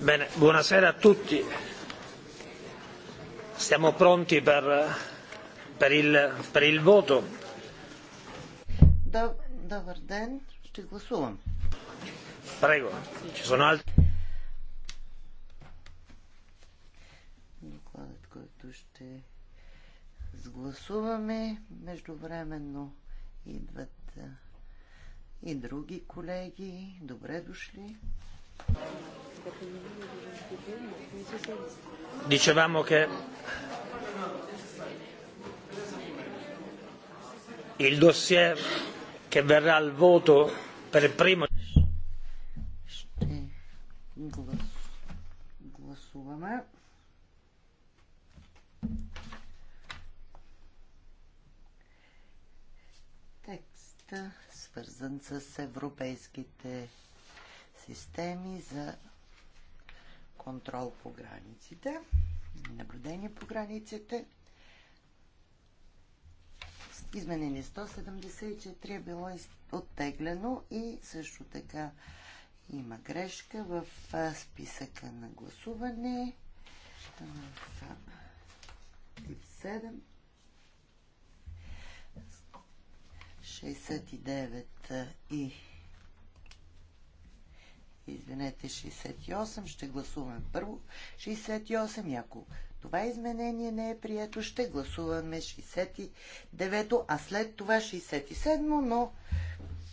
Bene, buonasera a tutti. Siamo pronti per, per, il, per il voto. Добър ден, ще гласувам. Prego, ci sono altri. Докладът, който ще сгласуваме, междувременно идват и други колеги. Добре дошли. Dicevamo che il dossier che verrà al voto per primo. Гласуваме. Текста свързан с европейските системи за контрол по границите, наблюдение по границите. Изменение 174 е било оттеглено и също така има грешка в списъка на гласуване в тип 7. 69 и Извинете, 68. Ще гласуваме първо 68. И ако това изменение не е прието, ще гласуваме 69, а след това 67, но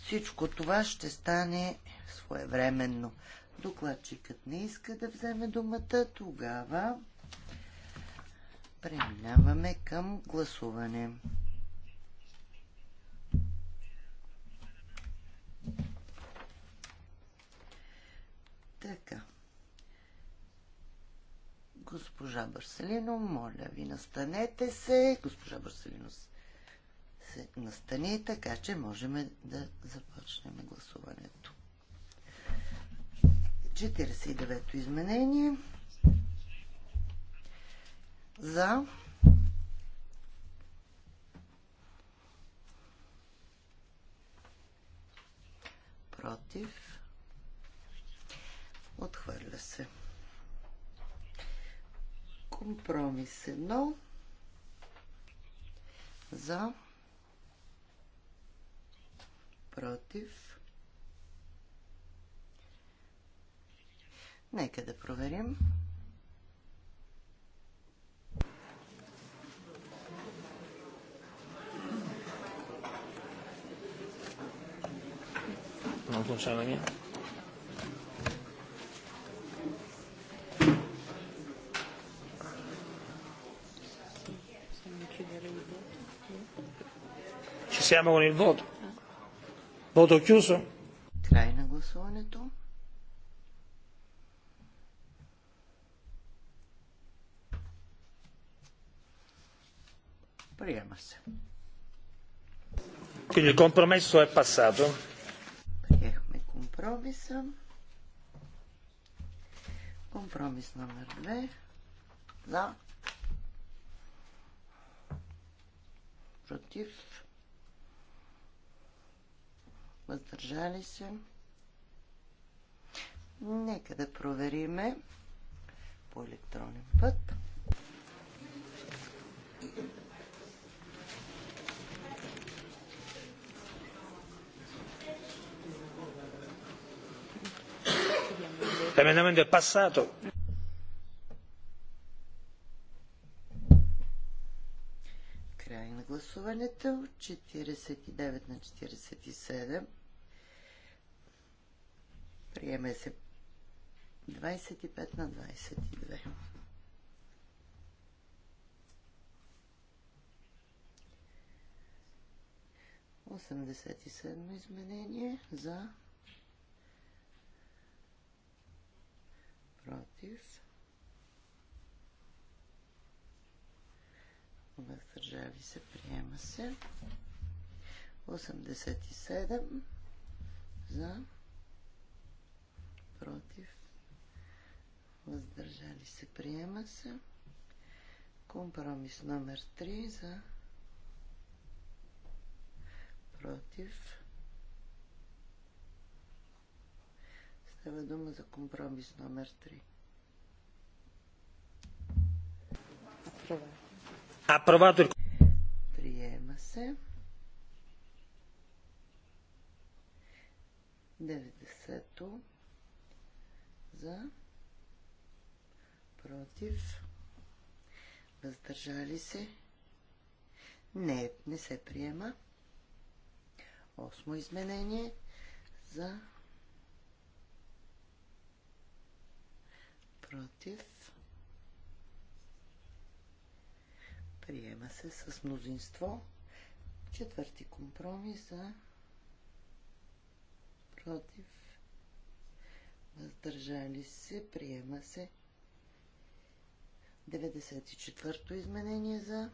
всичко това ще стане своевременно. Докладчикът не иска да вземе думата, тогава преминаваме към гласуване. Така. Госпожа Барселино, моля ви, настанете се. Госпожа Барселино се настани, така че можем да започнем гласуването. 49-то изменение. За. Против. Отхвърля се. Компромис едно. За. Против. Нека да проверим. Non funziona Siamo con il voto. Voto chiuso. Край на гласуването. Приема се. Quindi il compromesso è passato. Приехме компромиса. Компромис номер 2. За. Против въздържали се. Нека да провериме по електронен път. L'emendamento è passato. гласуването. 49 на 47. Приеме се 25 на 22. Осемдесет и седмо изменение за против въздържали се, приема се. 87 за, против, въздържали се, приема се. Компромис номер 3 за, против. Става дума за компромис номер 3. Здравейте. Апровато. Приема се. 90-то за против въздържали се не, не се приема осмо изменение за против Приема се с мнозинство. Четвърти компромис за против. Въздържали се. Приема се. 94-то изменение за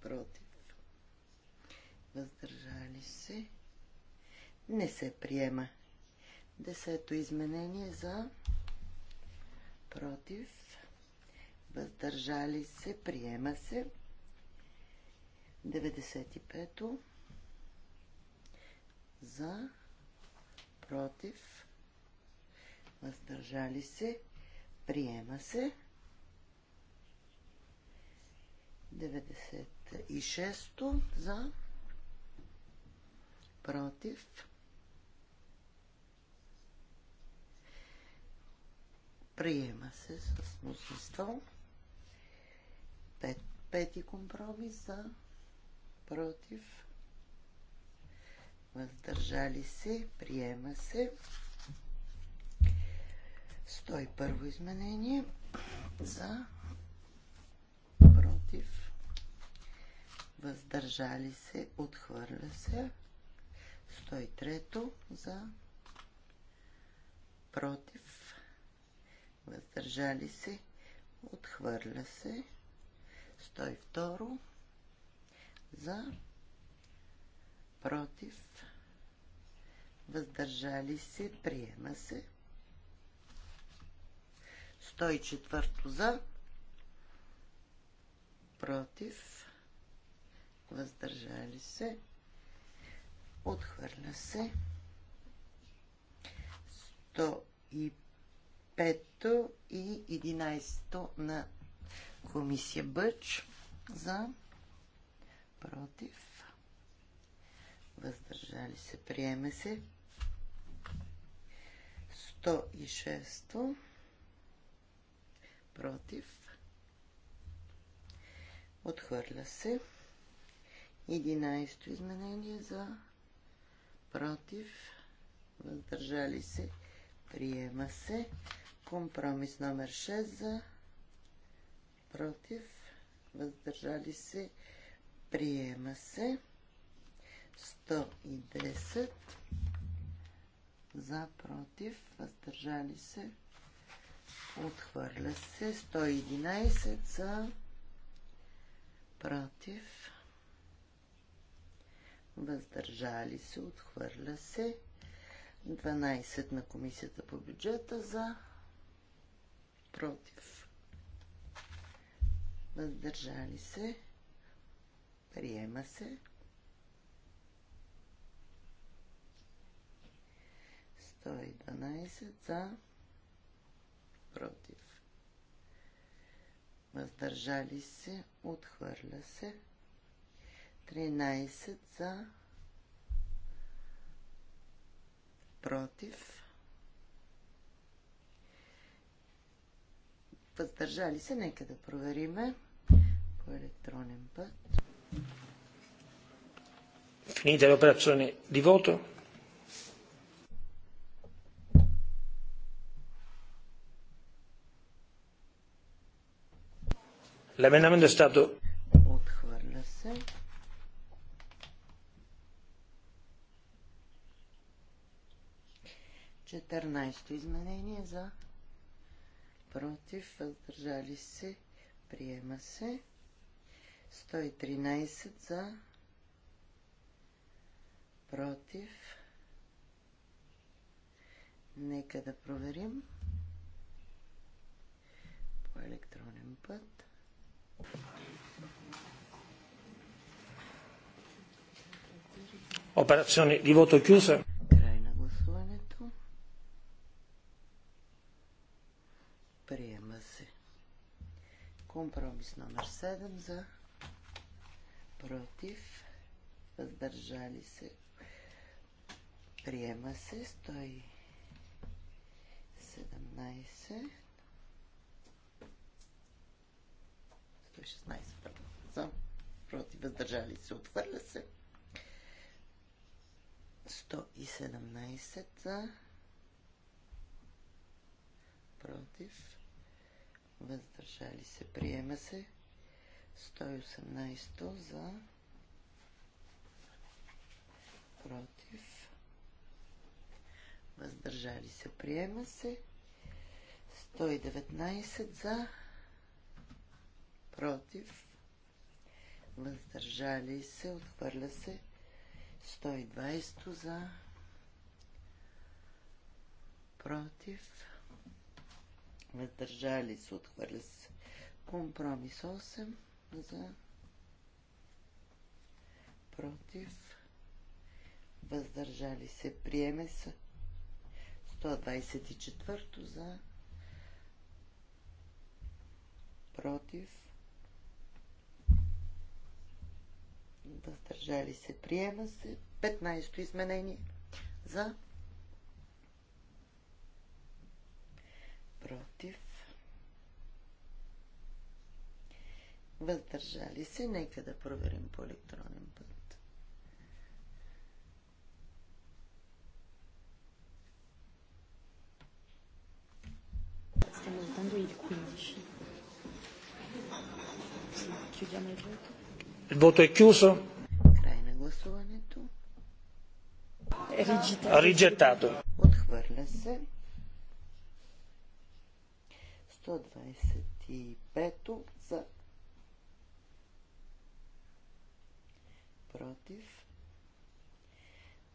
против. Въздържали се. Не се приема. Десето изменение за против въздържали се, приема се. 95-то за, против, въздържали се, приема се. 96-то за, против, приема се с мнозинство. Пет, пети компромис за против. Въздържали се. Приема се. 101 изменение за против. Въздържали се. Отхвърля се. 103 за против. Въздържали се. Отхвърля се. 102 за против въздържали се приема се 104 за против въздържали се отхвърля се 105 и 11 на Комисия Бъч за против. Въздържали се. Приеме се. 106 против. Отхвърля се. 11 изменение за против. Въздържали се. Приема се. Компромис номер 6 за против, въздържали се, приема се. 110 за, против, въздържали се, отхвърля се. 111 за, против, въздържали се, отхвърля се. 12 на комисията по бюджета за, против, въздържали се, приема се. 112 за, против. Въздържали се, отхвърля се. 13 за, против. Въздържали се, нека да провериме по електронен път. Finita l'operazione di voto. L'emendamento è stato Четърнайсто изменение за против, въздържали се, приема се. 113 за, против. Нека да проверим по електронен път. Operazione di voto chiusa. Край на гласуването. Приема се. Компромис номер 7 за против, въздържали се, приема се 117, 116 за, против, въздържали се, отхвърля се, 117 за, против, въздържали се, приема се, 118 за против въздържали се приема се 119 за против въздържали се отхвърля се 120 за против въздържали се отхвърля се компромис 8 за против въздържали се приеме се 124 за против въздържали се приема се 15 то изменение за против въздържали се. Нека да проверим по електронен път. Stiamo votando il 15. Chiudiamo il voto. è chiuso. Rigettato. Отхвърля се. 125 за против,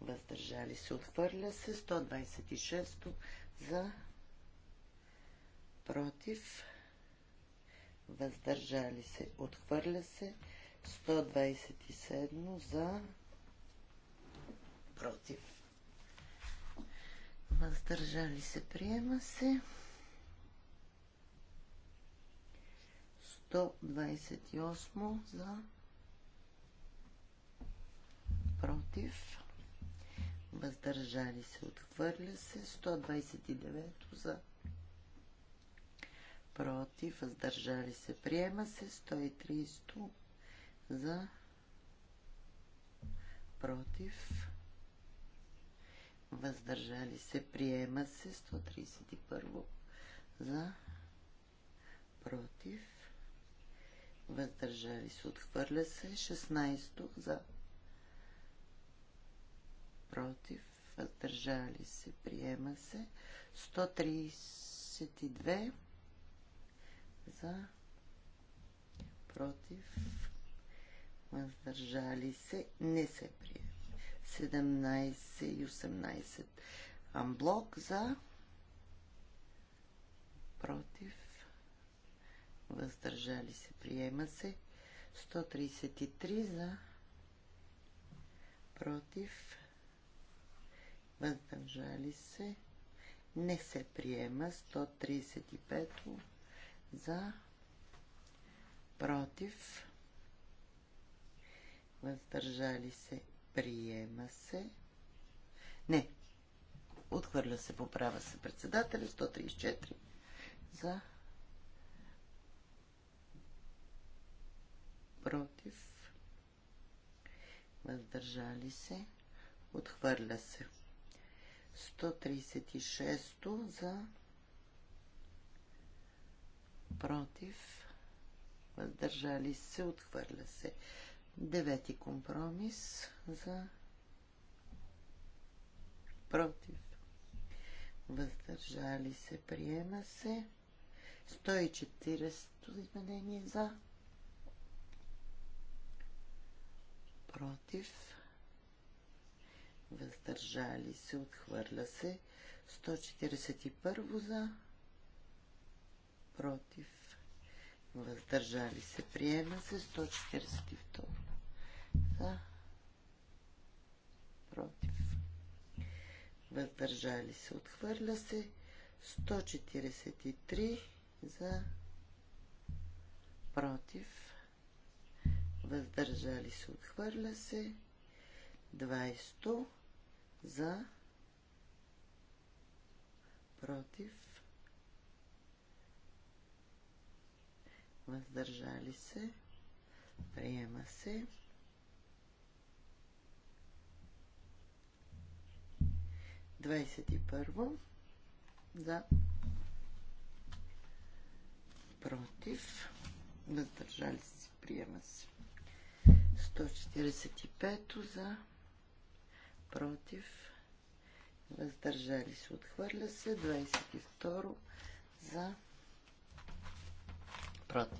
въздържали се, отхвърля се, 126 за, против, въздържали се, отхвърля се, 127 за, против, въздържали се, приема се, 128 за, против, въздържали се, отхвърля се, 129 за, против, въздържали се, приема се, 130 за, против, въздържали се, приема се, 131 за, против, въздържали се, отхвърля се, 16 за, против, въздържали се, приема се. 132 за, против, въздържали се, не се приема. 17 и 18 амблок за, против, въздържали се, приема се. 133 за, против, въздържали се, не се приема 135 за, против, въздържали се, приема се, не, отхвърля се, поправя се председателя, 134 за, против, въздържали се, отхвърля се. 136 за против въздържали се, отхвърля се. Девети компромис за против въздържали се, приема се. 140 изменение за против въздържали се, отхвърля се. 141 за, против, въздържали се, приема се. 142 за, против, въздържали се, отхвърля се. 143 за, против, въздържали се, отхвърля се. 20 за, против, въздържали се, приема се. Двадесет и първо за против въздържали се, приема се. 145 за против, въздържали се, отхвърля се, 22 за, против,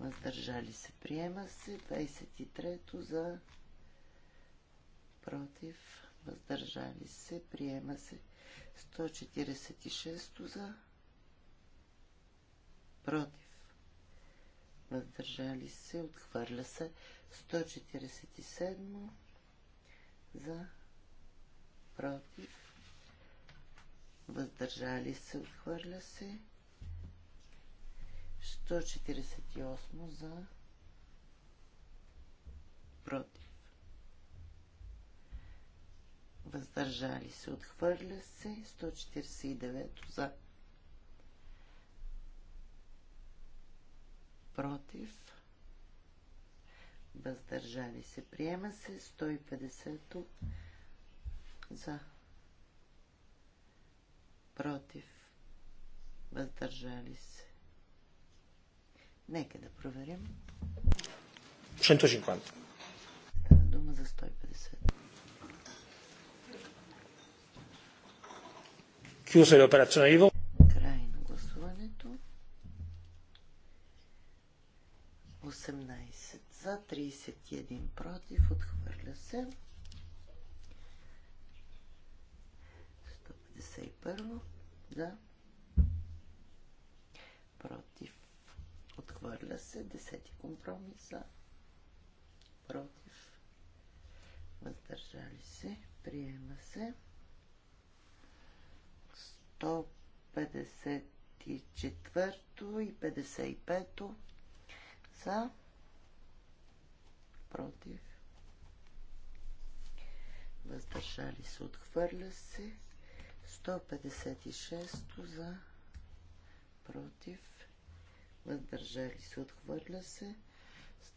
въздържали се, приема се, 23 за, против, въздържали се, приема се, 146 за, против, въздържали се, отхвърля се, 147 за против въздържали се отхвърля се 148 за против въздържали се отхвърля се 149 за против въздържали се. Приема се 150 за против въздържали се. Нека да проверим. 150. Става дума за 150. Chiusa l'operazione di voto. 18 за, 31 против, отхвърля се. 151 за, против, отхвърля се. 10 компромис за, против, въздържали се, приема се. 154 и 55 за, против, въздържали се, отхвърля се. 156 за, против, въздържали се, отхвърля се.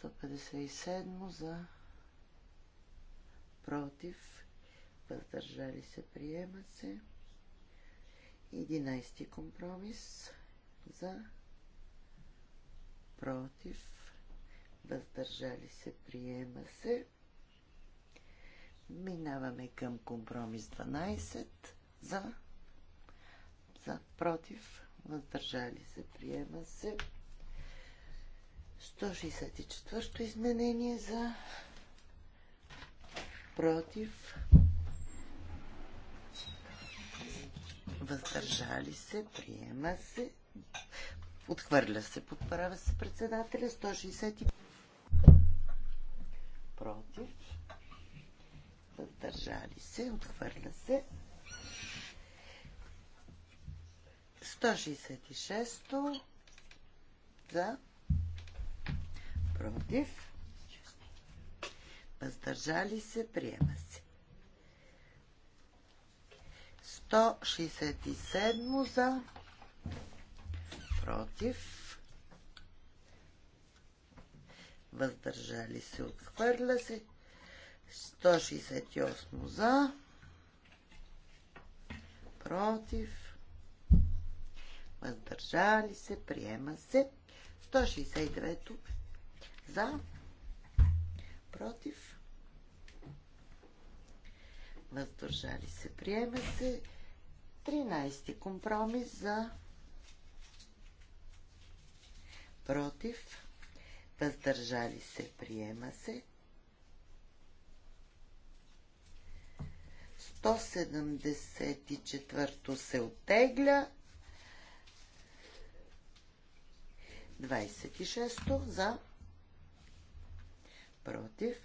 157 за, против, въздържали се, приема се. 11 компромис за, против, въздържали се, приема се. Минаваме към компромис 12 за, за против, въздържали се, приема се. 164 изменение за против, въздържали се, приема се, отхвърля се, подправя се председателя 165 против, въздържали се, отхвърля се. 166 за, против, въздържали се, приема се. 167 за, против, въздържали се, отхвърля се. 168 за, против, въздържали се, приема се. 169 за, против, въздържали се, приема се. 13 компромис за, против, въздържали се, приема се. 174 се оттегля. 26 то за против.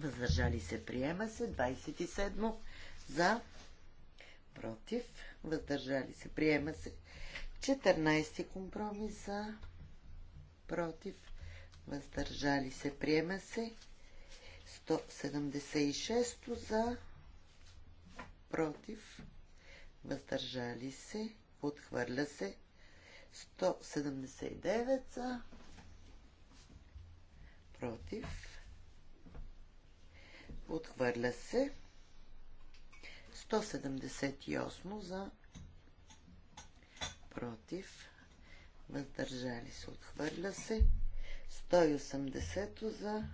Въздържали се, приема се. 27 за против. Въздържали се, приема се. 14 компромис за против, въздържали се, приема се. 176 за, против, въздържали се, отхвърля се. 179 за, против, отхвърля се. 178 за, против, въздържали се, отхвърля се. 180 за,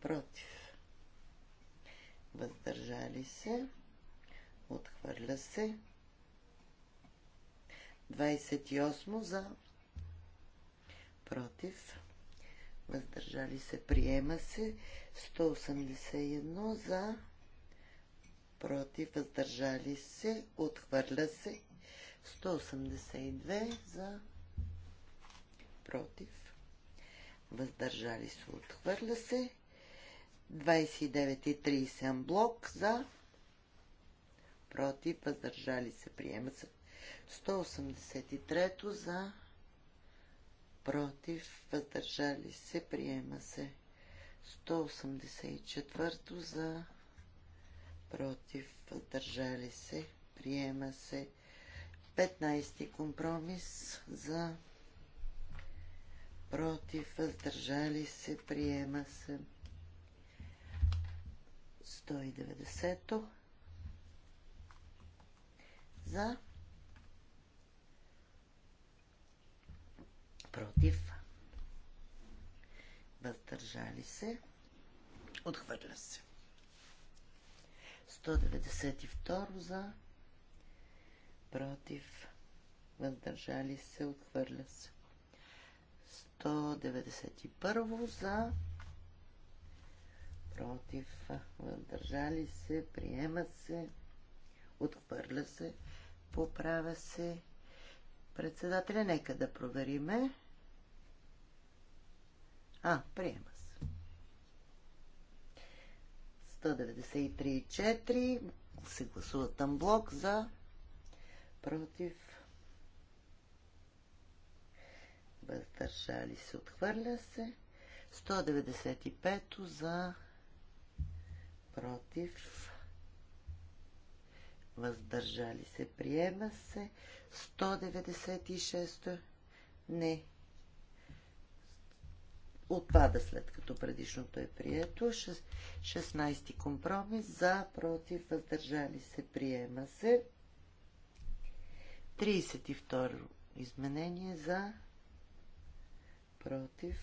против, въздържали се, отхвърля се. 28 за, против, въздържали се, приема се. 181 за, против, въздържали се, отхвърля се. 182 за против. Въздържали се, отхвърля се. 29 и 30 блок за против, въздържали се, приема се. 183 за против, въздържали се, приема се. 184 за против, въздържали се, приема се. 15 ти компромис за против, въздържали се, приема се 190-то за против, въздържали се, отхвърля се. 192 за против, въздържали се, отхвърля се. 191 за, против, въздържали се, приема се, отхвърля се, поправя се. Председателя, нека да провериме. А, приема се. 193,4 се гласуват там блок за против, въздържали се, отхвърля се. 195 за против, въздържали се, приема се. 196 не. Отпада след като предишното е прието. 16 компромис за, против, въздържали се, приема се. 32 изменение за против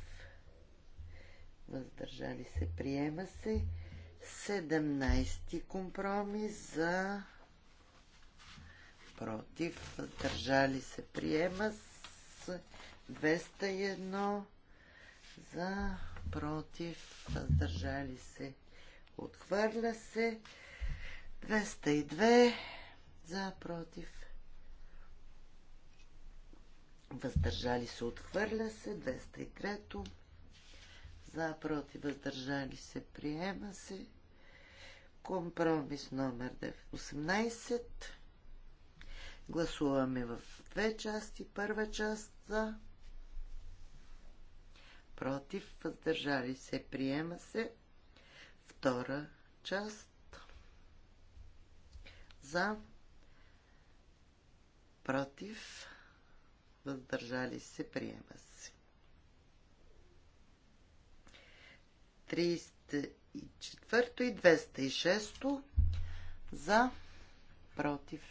въздържали се приема се 17 компромис за против въздържали се приема с 201 за против въздържали се отхвърля се 202 за против въздържали се, отхвърля се, 203 за, против, въздържали се, приема се, компромис номер 18, гласуваме в две части, първа част за, против, въздържали се, приема се, втора част за, против, въздържали се, приема се. 304 и 206 за, против,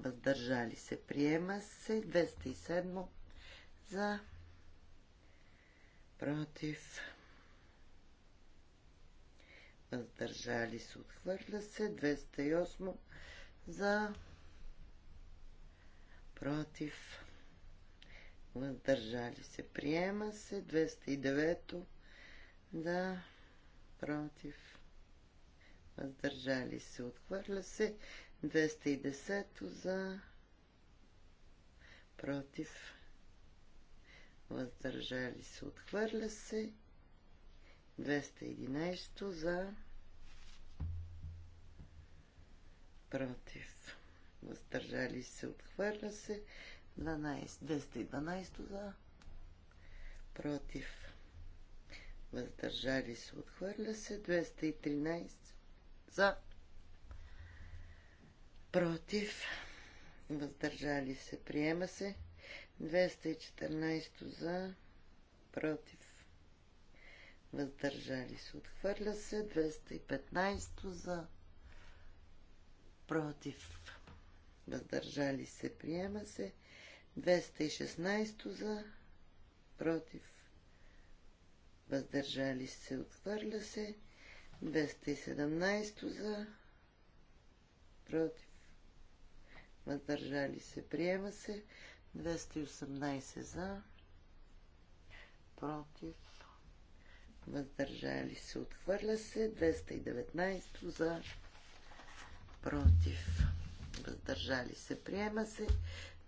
въздържали се, приема се. 207 за, против, въздържали се, отхвърля се. 208 за, против, въздържали се, приема се, 209 Да, против, въздържали се, отхвърля се, 210 за, против, въздържали се, отхвърля се, 211 за, против, въздържали се, отхвърля се, 212 за, против, въздържали се, отхвърля се, 213 за, против, въздържали се, приема се, 214 за, против, въздържали се, отхвърля се, 215 за, против, въздържали се, приема се, 216 за, против, въздържали се, отхвърля се. 217 за, против, въздържали се, приема се. 218 за, против, въздържали се, отхвърля се. 219 за, против, въздържали се, приема се.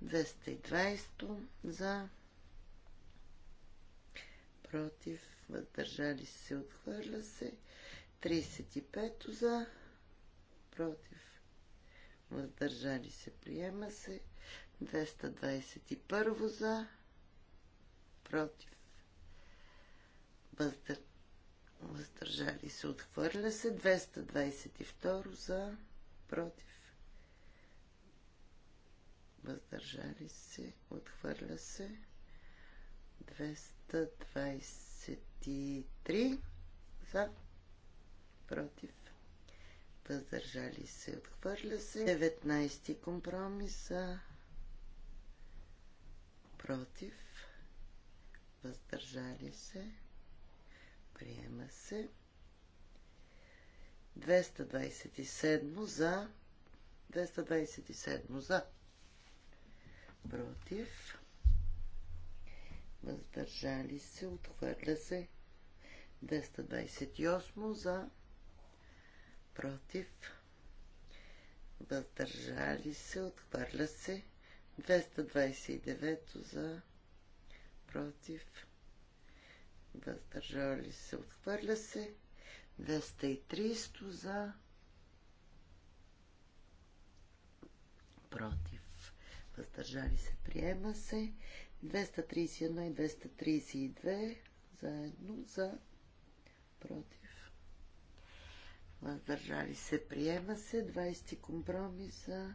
220 за против, въздържали се, отхвърля се. 35 за против, въздържали се, приема се. 221 за против, въздър... въздържали се, отхвърля се. 222 за против, въздържали се, отхвърля се. 223 за, против, въздържали се, отхвърля се. 19 компромиса, против, въздържали се, приема се. 227 за, 227 за, против, въздържали се, отхвърля се 228 за, против, въздържали се, отхвърля се 229 за, против, въздържали се, отхвърля се 230 за, против въздържали се, приема се. 231 и 232 заедно за против. Въздържали се, приема се. 20 компромиса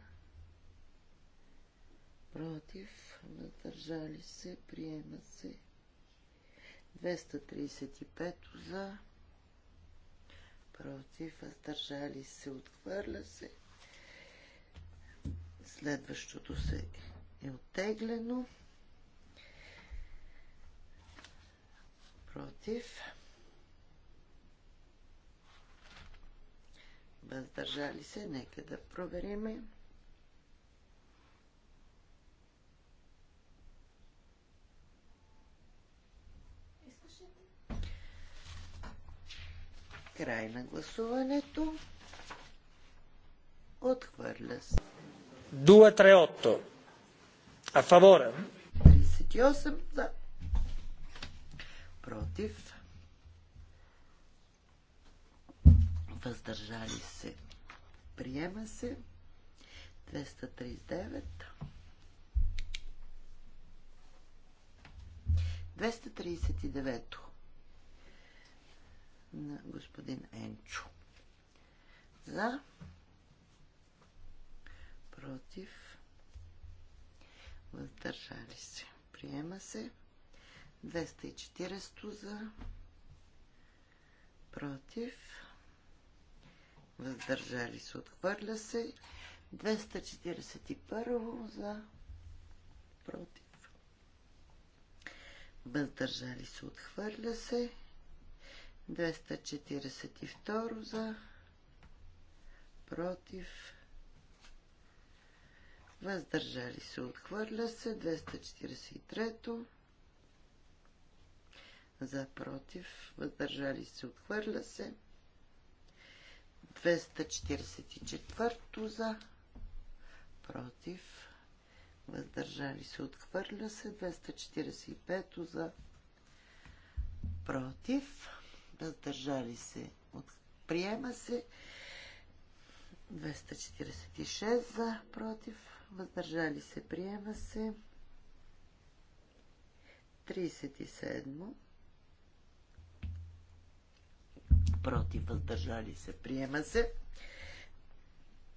против. Въздържали се, приема се. 235 за против. Въздържали се, отхвърля се. Следващото се е оттеглено. Против. Въздържали се. Нека да провериме. Край на гласуването. Отхвърля се. 238 А фавора. 38 за против въздържали се приема се 239 239 на господин Енчо за против, въздържали се. Приема се. 240 за, против, въздържали се. Отхвърля се. 241 за, против. Въздържали се. Отхвърля се. 242 за, против въздържали се, отхвърля се, 243-то, за, против, въздържали се, отхвърля се, 244-то, за, против, въздържали се, отхвърля се, 245-то, за, против, въздържали се, от... приема се, 246 за, против, въздържали се, приема се. 37. Против, въздържали се, приема се.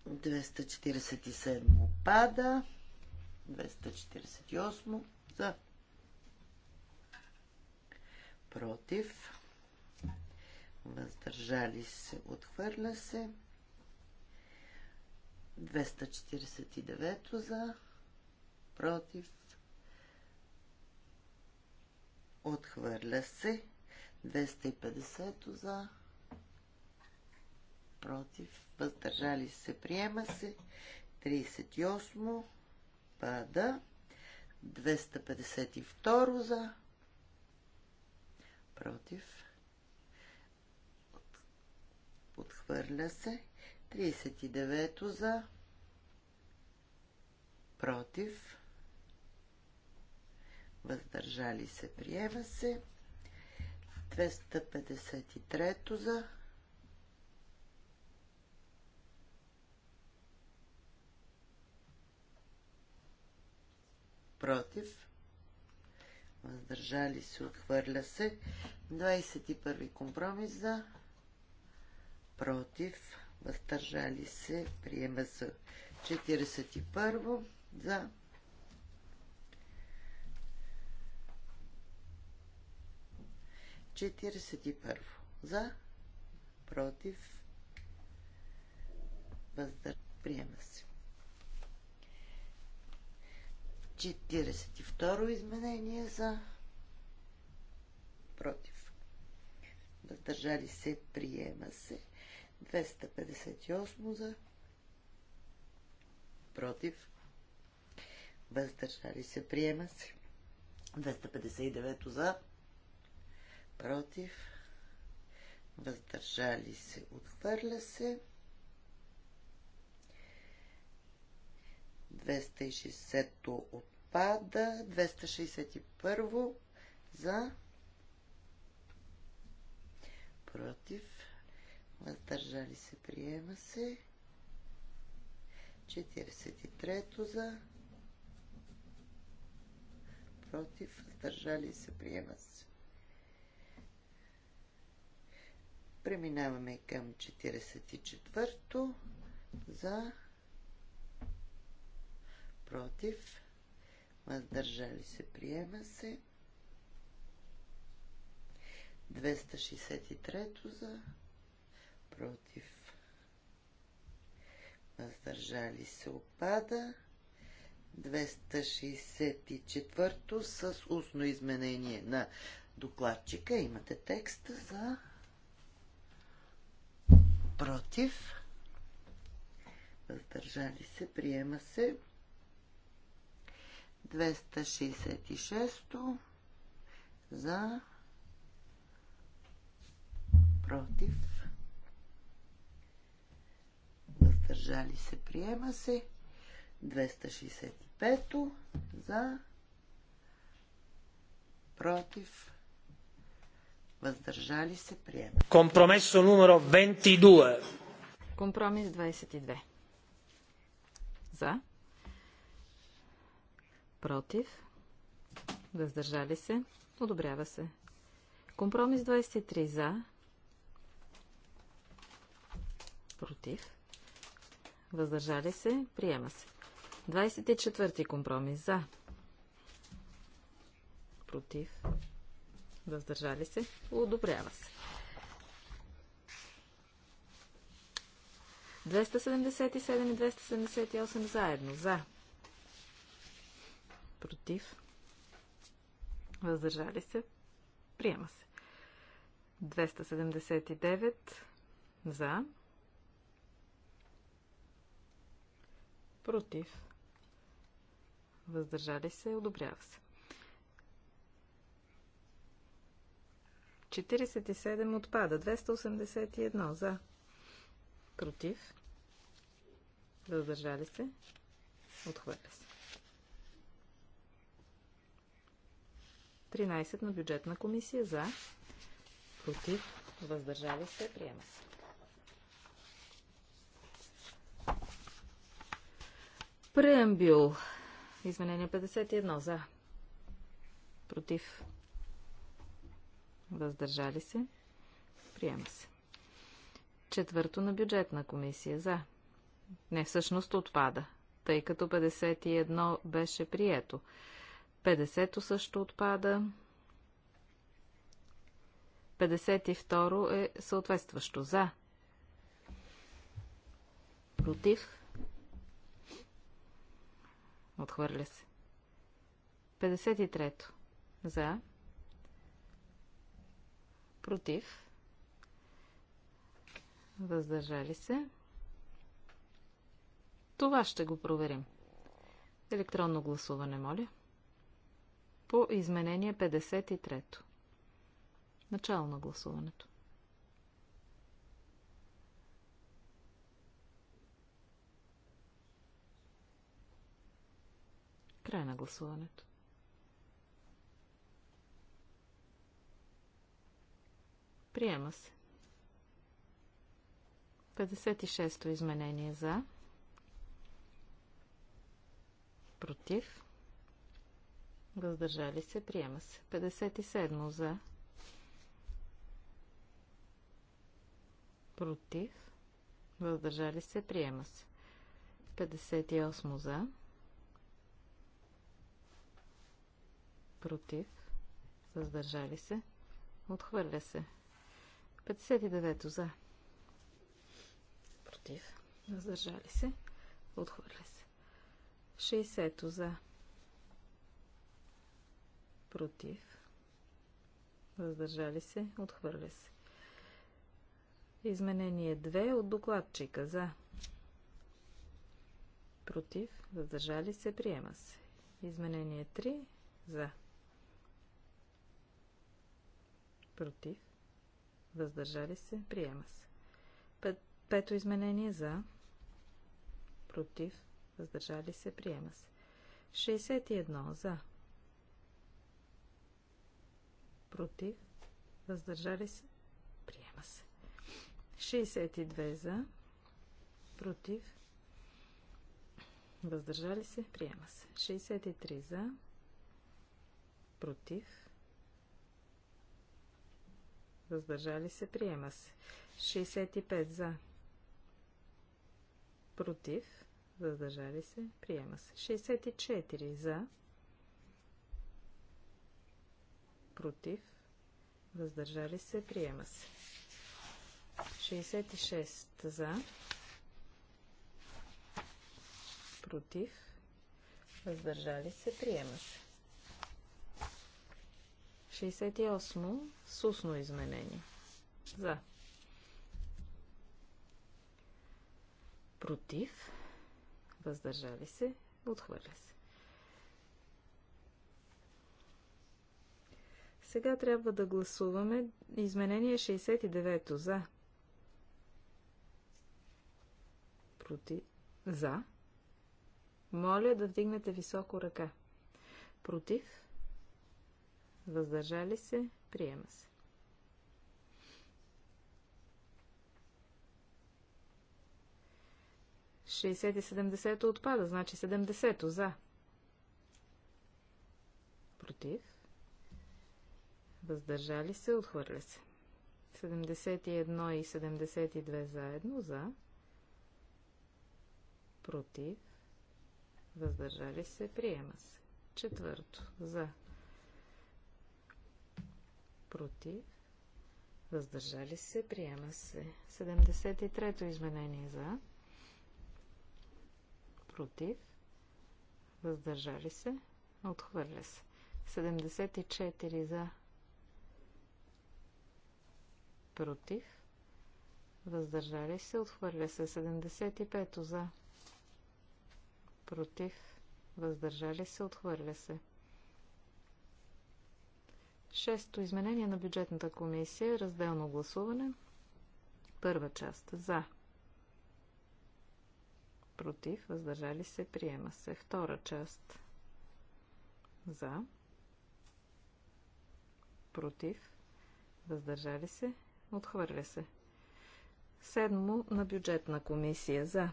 247 пада. 248 за. Против. Въздържали се, отхвърля се. 249 за, против, отхвърля се, 250 за, против, въздържали се, приема се, 38 пада, 252 за, против, отхвърля се, 39 за, против, въздържали се, приема се. 253 за, против, въздържали се, отхвърля се. 21 компромис за, против, въздържали се, приема се 41 за Четиридесет и първо. За. Против. Въздържа. Приема се. 42 изменение за против. Въздържали се, приема се. 258 за. Против. Въздържали се. Приема се. 259 за. Против. Въздържали се. Отхвърля се. 260-то отпада. 261 за. Против въздържали се, приема се. 43-то за, против, въздържали се, приема се. Преминаваме към 44-то за, против, въздържали се, приема се. 263 за, против, въздържали се опада. 264 с устно изменение на докладчика. Имате текста за против. Въздържали се, приема се. 266 за против въздържали се, приема се. 265 за, против, въздържали се, приема. Компромесо номеро 22. Компромис 22. За, против, въздържали се, одобрява се. Компромис 23 за, против, Въздържали се. Приема се. 24 ти компромис. За. Против. Въздържали се. Одобрява се. 277 и 278 заедно. За. Против. Въздържали се. Приема се. 279 за. против, въздържали се, одобрява се. 47 отпада. 281 за. Против. Въздържали се. Отхвърля се. 13 на бюджетна комисия за. Против. Въздържали се. Приема се. Преамбюл. Изменение 51. За. Против. Въздържали се. Приема се. Четвърто на бюджетна комисия. За. Не, всъщност отпада, тъй като 51 беше прието. 50-то също отпада. 52 е съответстващо. За. Против. Отхвърля се. 53-то. За. Против. Въздържали се. Това ще го проверим. Електронно гласуване, моля. По изменение 53-то. Начало на гласуването. Край на гласуването. Приема се. 56-то изменение за. Против. Въздържали се. Приема се. 57 за. Против. Въздържали се. Приема се. 58 за. против, въздържали се, отхвърля се. 59 за, против, въздържали се, отхвърля се. 60 за, против, въздържали се, отхвърля се. Изменение 2 от докладчика за против, въздържали се, приема се. Изменение 3 за против, въздържали се, приема се. пето изменение за, против, въздържали се, приема се. 61 за, против, въздържали се, приема се. 62 за, против, въздържали се, приема се. 63 за, против, въздържали се, приема се. 65 за, против, въздържали се, приема се. 64 за, против, въздържали се, приема се. 66 за, против, въздържали се, приема се. 68 с устно изменение. За. Против. Въздържали се. Отхвърля се. Сега трябва да гласуваме изменение 69 за. Против. За. Моля да вдигнете високо ръка. Против въздържали се, приема се. Шестдесет и седемдесето отпада, значи седемдесето за. Против. Въздържали се, отхвърля се. 71 и 72 заедно за. Против. Въздържали се, приема се. Четвърто за против, въздържали се, приема се. 73-то изменение за, против, въздържали се, отхвърля се. 74 за, против, въздържали се, отхвърля се. 75 за, против, въздържали се, отхвърля се. Шесто изменение на бюджетната комисия. Разделно гласуване. Първа част. За. Против. Въздържали се. Приема се. Втора част. За. Против. Въздържали се. Отхвърля се. Седмо на бюджетна комисия. За.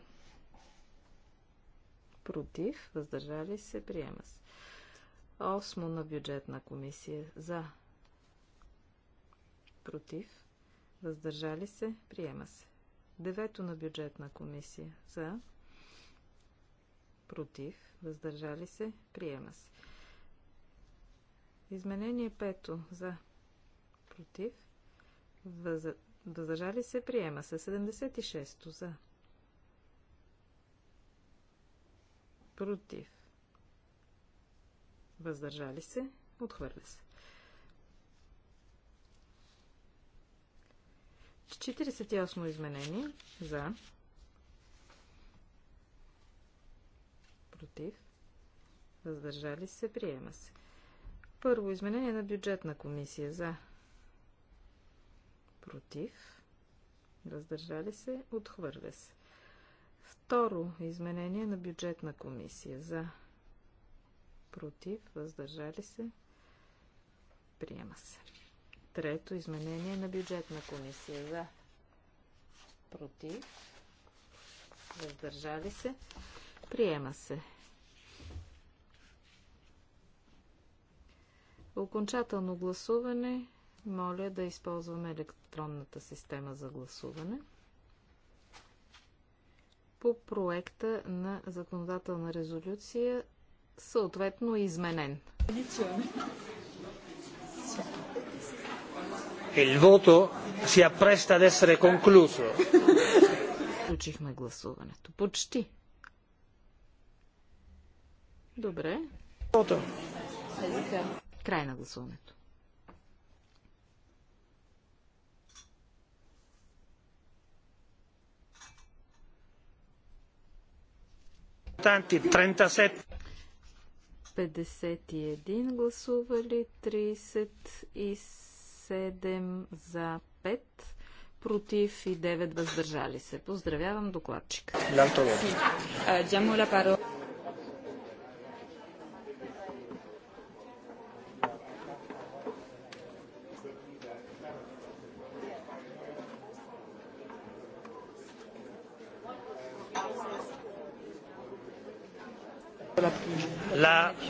Против. Въздържали се. Приема се. Осмо на бюджетна комисия. За. Против. Въздържали се. Приема се. Девето на бюджетна комисия. За. Против. Въздържали се. Приема се. Изменение пето. За. Против. Въздържали се. Приема се. 76 За. Против въздържали се, отхвърля се. 48 изменение за против въздържали се, приема се. Първо изменение на бюджетна комисия за против въздържали се, отхвърля се. Второ изменение на бюджетна комисия за против, въздържали се, приема се. Трето изменение на бюджетна комисия за против, въздържали се, приема се. Окончателно гласуване. Моля да използваме електронната система за гласуване по проекта на законодателна резолюция съответно е изменен. Il voto si appresta ad essere concluso. Включихме гласуването. Почти. Добре. Voto. Край на гласуването. Tanti, 37. 51 гласували, 37 за 5, против и 9 въздържали се. Поздравявам докладчика.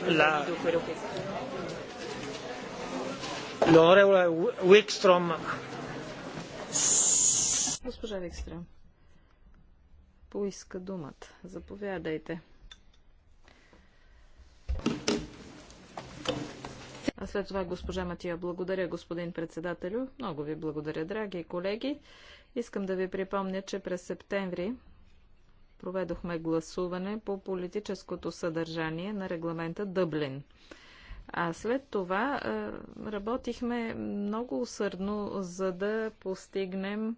la, Госпожа Викстрем, поиска думата. Заповядайте. А след това госпожа Матия, благодаря господин председателю. Много ви благодаря, драги колеги. Искам да ви припомня, че през септември проведохме гласуване по политическото съдържание на регламента Дъблин. А след това работихме много усърдно, за да постигнем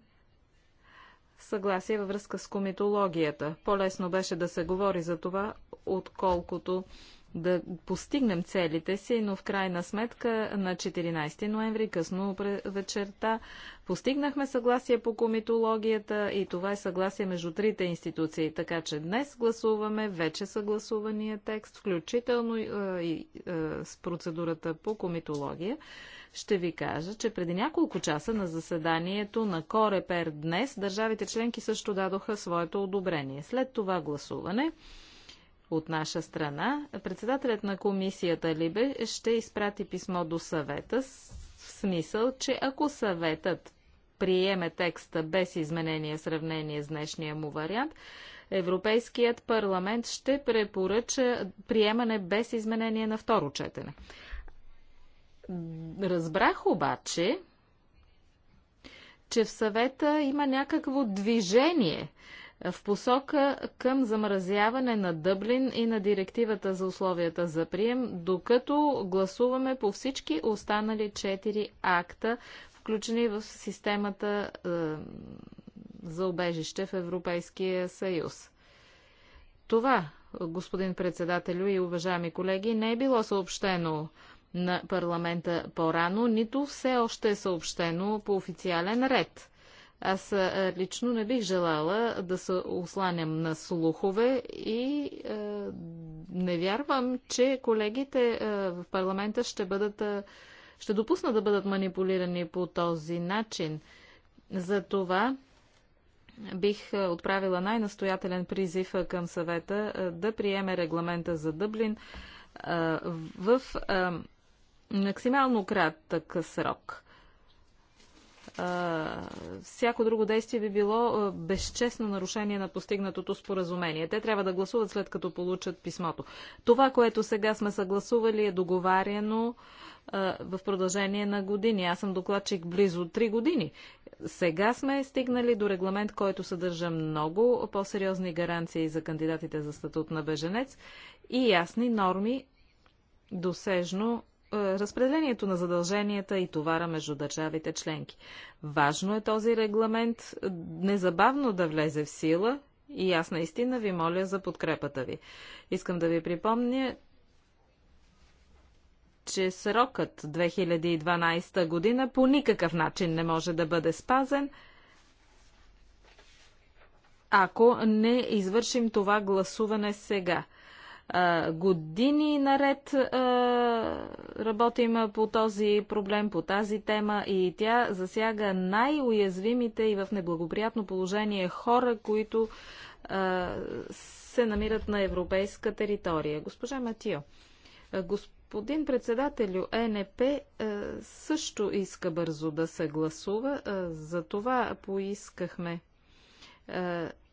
съгласие във връзка с комитологията. По-лесно беше да се говори за това, отколкото да постигнем целите си, но в крайна сметка на 14 ноември, късно вечерта, постигнахме съгласие по комитологията и това е съгласие между трите институции. Така че днес гласуваме вече съгласувания текст, включително е, и е, с процедурата по комитология. Ще ви кажа, че преди няколко часа на заседанието на Корепер днес държавите членки също дадоха своето одобрение. След това гласуване от наша страна. Председателят на комисията Либе ще изпрати писмо до съвета в смисъл, че ако съветът приеме текста без изменение в сравнение с днешния му вариант, Европейският парламент ще препоръча приемане без изменение на второ четене. Разбрах обаче, че в съвета има някакво движение – в посока към замразяване на Дъблин и на директивата за условията за прием, докато гласуваме по всички останали четири акта, включени в системата е, за обежище в Европейския съюз. Това, господин председателю и уважаеми колеги, не е било съобщено на парламента по-рано, нито все още е съобщено по официален ред. Аз лично не бих желала да се осланям на слухове и е, не вярвам, че колегите е, в парламента ще бъдат. Е, ще допусна да бъдат манипулирани по този начин. Затова бих отправила най-настоятелен призив към съвета да приеме регламента за Дъблин в максимално кратък срок всяко друго действие би било безчестно нарушение на постигнатото споразумение. Те трябва да гласуват след като получат писмото. Това, което сега сме съгласували е договаряно в продължение на години. Аз съм докладчик близо 3 години. Сега сме стигнали до регламент, който съдържа много по-сериозни гаранции за кандидатите за статут на беженец и ясни норми досежно е, разпределението на задълженията и товара между държавите членки. Важно е този регламент незабавно да влезе в сила и аз наистина ви моля за подкрепата ви. Искам да ви припомня, че срокът 2012 година по никакъв начин не може да бъде спазен, ако не извършим това гласуване сега. Години наред работим по този проблем, по тази тема и тя засяга най-уязвимите и в неблагоприятно положение хора, които се намират на европейска територия. Госпожа Матио, господин председателю ЕНП също иска бързо да се гласува, за това поискахме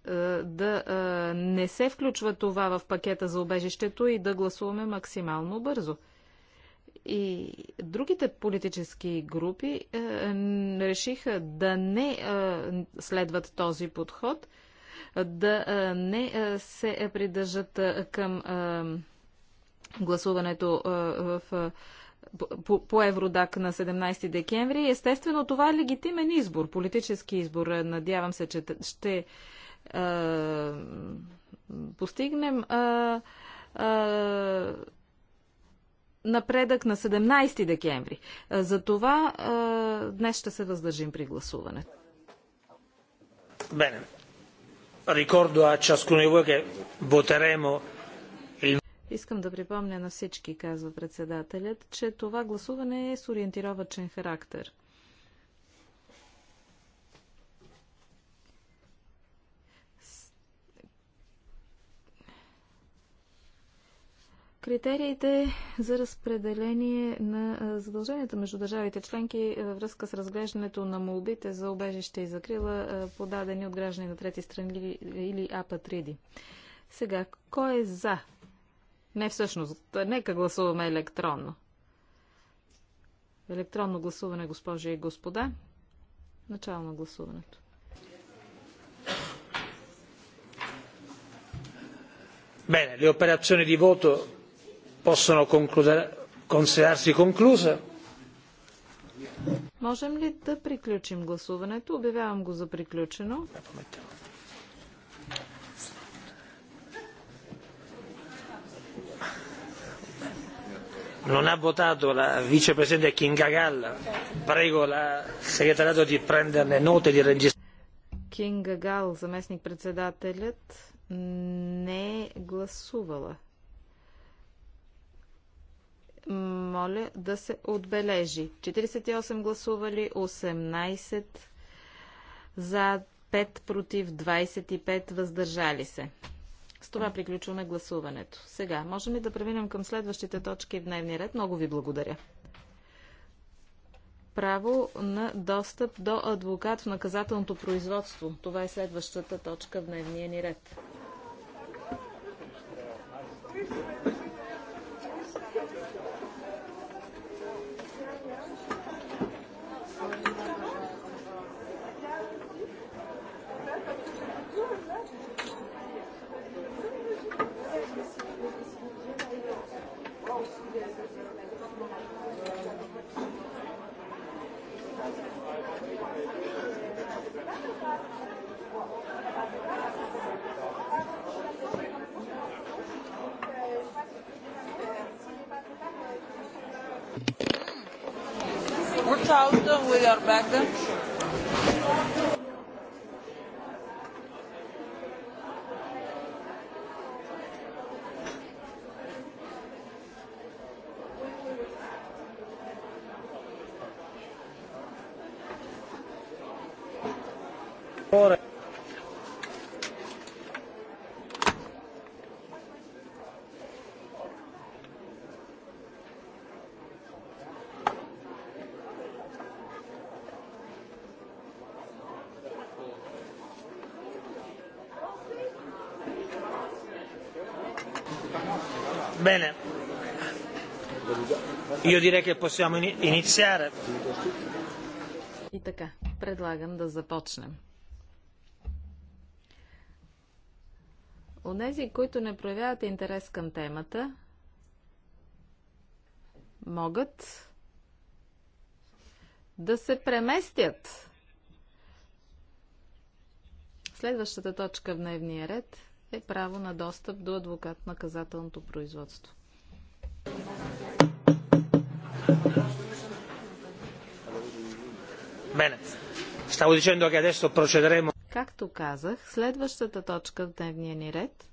е, да е, не се включва това в пакета за обежището и да гласуваме максимално бързо. И другите политически групи е, решиха да не следват този подход, да не се придържат към гласуването в по, по Евродак на 17 декември. Естествено, това е легитимен избор, политически избор. Надявам се, че ще а, постигнем а, а, напредък на 17 декември. За това а, днес ще се въздържим при гласуването. Искам да припомня на всички, казва председателят, че това гласуване е с ориентировачен характер. критериите за разпределение на задълженията между държавите членки във връзка с разглеждането на молбите за обежище и закрила, подадени от граждани на трети страни или апатриди. Сега, кой е за? Не всъщност, нека гласуваме електронно. Електронно гласуване, госпожи и господа. Начало на гласуването. Bene, le operazioni di voto Possono considerarsi concluse. Можем ли да приключим гласуването? Обявявам го за приключено. Non ha votato la vicepresidente Kingagal. Prego la segretariato di prenderne note di registrare. Кингагал, заместник-председателят, не е гласувала. Моля да се отбележи. 48 гласували, 18 за, 5 против, 25 въздържали се. С това приключваме гласуването. Сега можем ли да преминем към следващите точки в дневния ред? Много ви благодаря. Право на достъп до адвокат в наказателното производство. Това е следващата точка в дневния ни ред. Bene, io direi che possiamo iniziare. И така, предлагам да започнем. Онези, които не проявяват интерес към темата, могат да се преместят. Следващата точка в дневния ред – е право на достъп до адвокат в наказателното производство. Както казах, следващата точка в дневния ни ред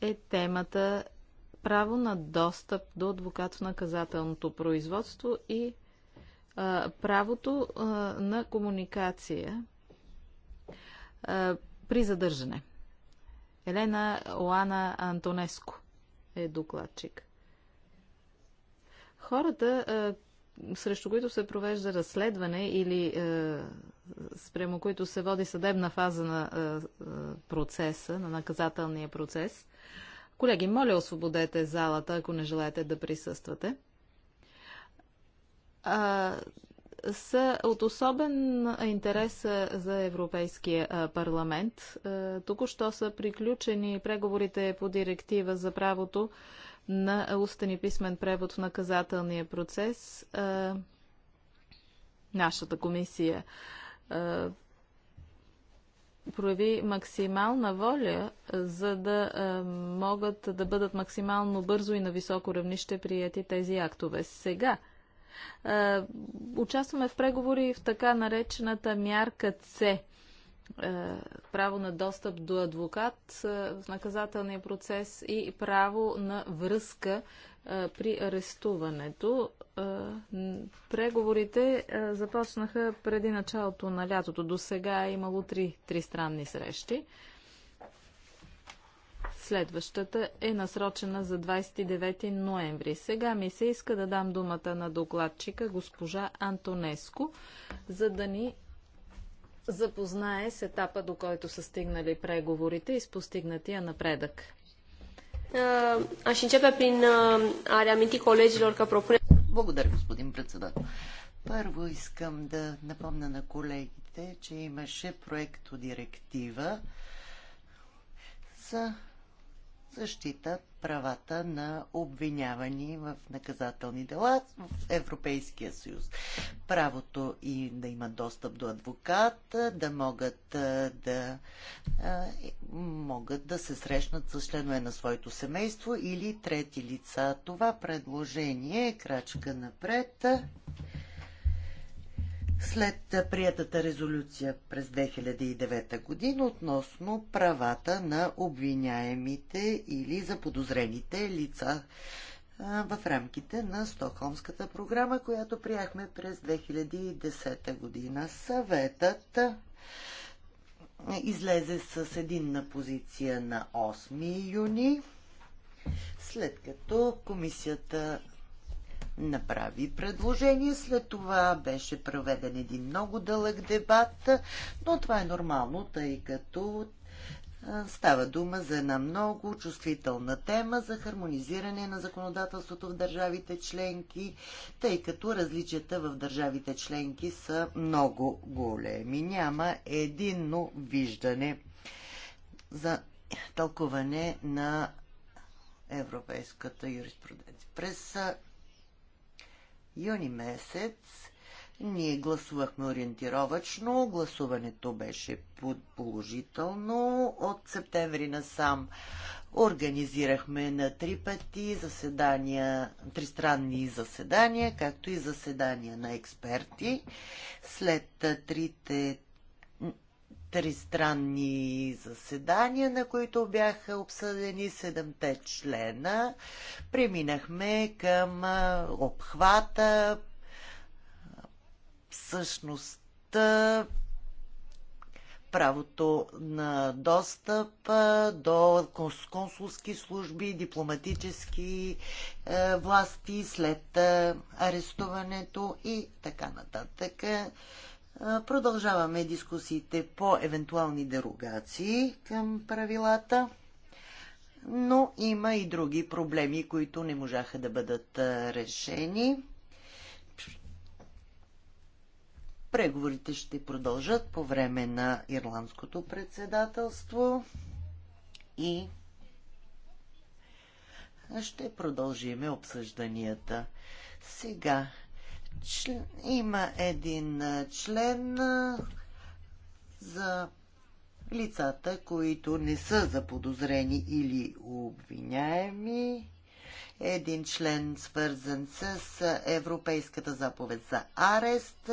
е темата право на достъп до адвокат в наказателното производство и а, правото а, на комуникация а, при задържане. Елена Лана Антонеско е докладчик. Хората, срещу които се провежда разследване или спрямо които се води съдебна фаза на процеса, на наказателния процес. Колеги, моля освободете залата, ако не желаете да присъствате са от особен интерес за Европейския парламент. Току-що са приключени преговорите по директива за правото на устен и писмен превод в наказателния процес. Нашата комисия прояви максимална воля, за да могат да бъдат максимално бързо и на високо равнище прияти тези актове. Сега е, участваме в преговори в така наречената мярка С е, право на достъп до адвокат е, в наказателния процес и право на връзка при арестуването. Преговорите започнаха преди началото на лятото. До сега е имало три тристранни срещи. Следващата е насрочена за 29 ноември. Сега ми се иска да дам думата на докладчика госпожа Антонеско, за да ни запознае с етапа, до който са стигнали преговорите и с постигнатия напредък. Аз începe prin a reaminti colegilor că Благодаря, господин председател. Първо искам да напомня на колегите, че имаше проекто директива за защита правата на обвинявани в наказателни дела в Европейския съюз. Правото и да имат достъп до адвокат, да могат да, могат да се срещнат с членове на своето семейство или трети лица. Това предложение е крачка напред след приятата резолюция през 2009 година относно правата на обвиняемите или заподозрените лица в рамките на Стокхолмската програма, която приехме през 2010 година. Съветът излезе с единна позиция на 8 юни, след като комисията направи предложение. След това беше проведен един много дълъг дебат, но това е нормално, тъй като Става дума за една много чувствителна тема за хармонизиране на законодателството в държавите членки, тъй като различията в държавите членки са много големи. Няма единно виждане за тълкуване на европейската юриспруденция. През юни месец ние гласувахме ориентировачно, гласуването беше положително. От септември насам организирахме на три пъти заседания, тристранни заседания, както и заседания на експерти. След трите тристранни заседания, на които бяха обсъдени седемте члена. Преминахме към обхвата, същността, правото на достъп до консулски служби, дипломатически власти след арестуването и така нататък. Продължаваме дискусиите по евентуални дерогации към правилата, но има и други проблеми, които не можаха да бъдат решени. Преговорите ще продължат по време на ирландското председателство и ще продължиме обсъжданията. Сега има един член за лицата, които не са заподозрени или обвиняеми. Един член свързан с Европейската заповед за арест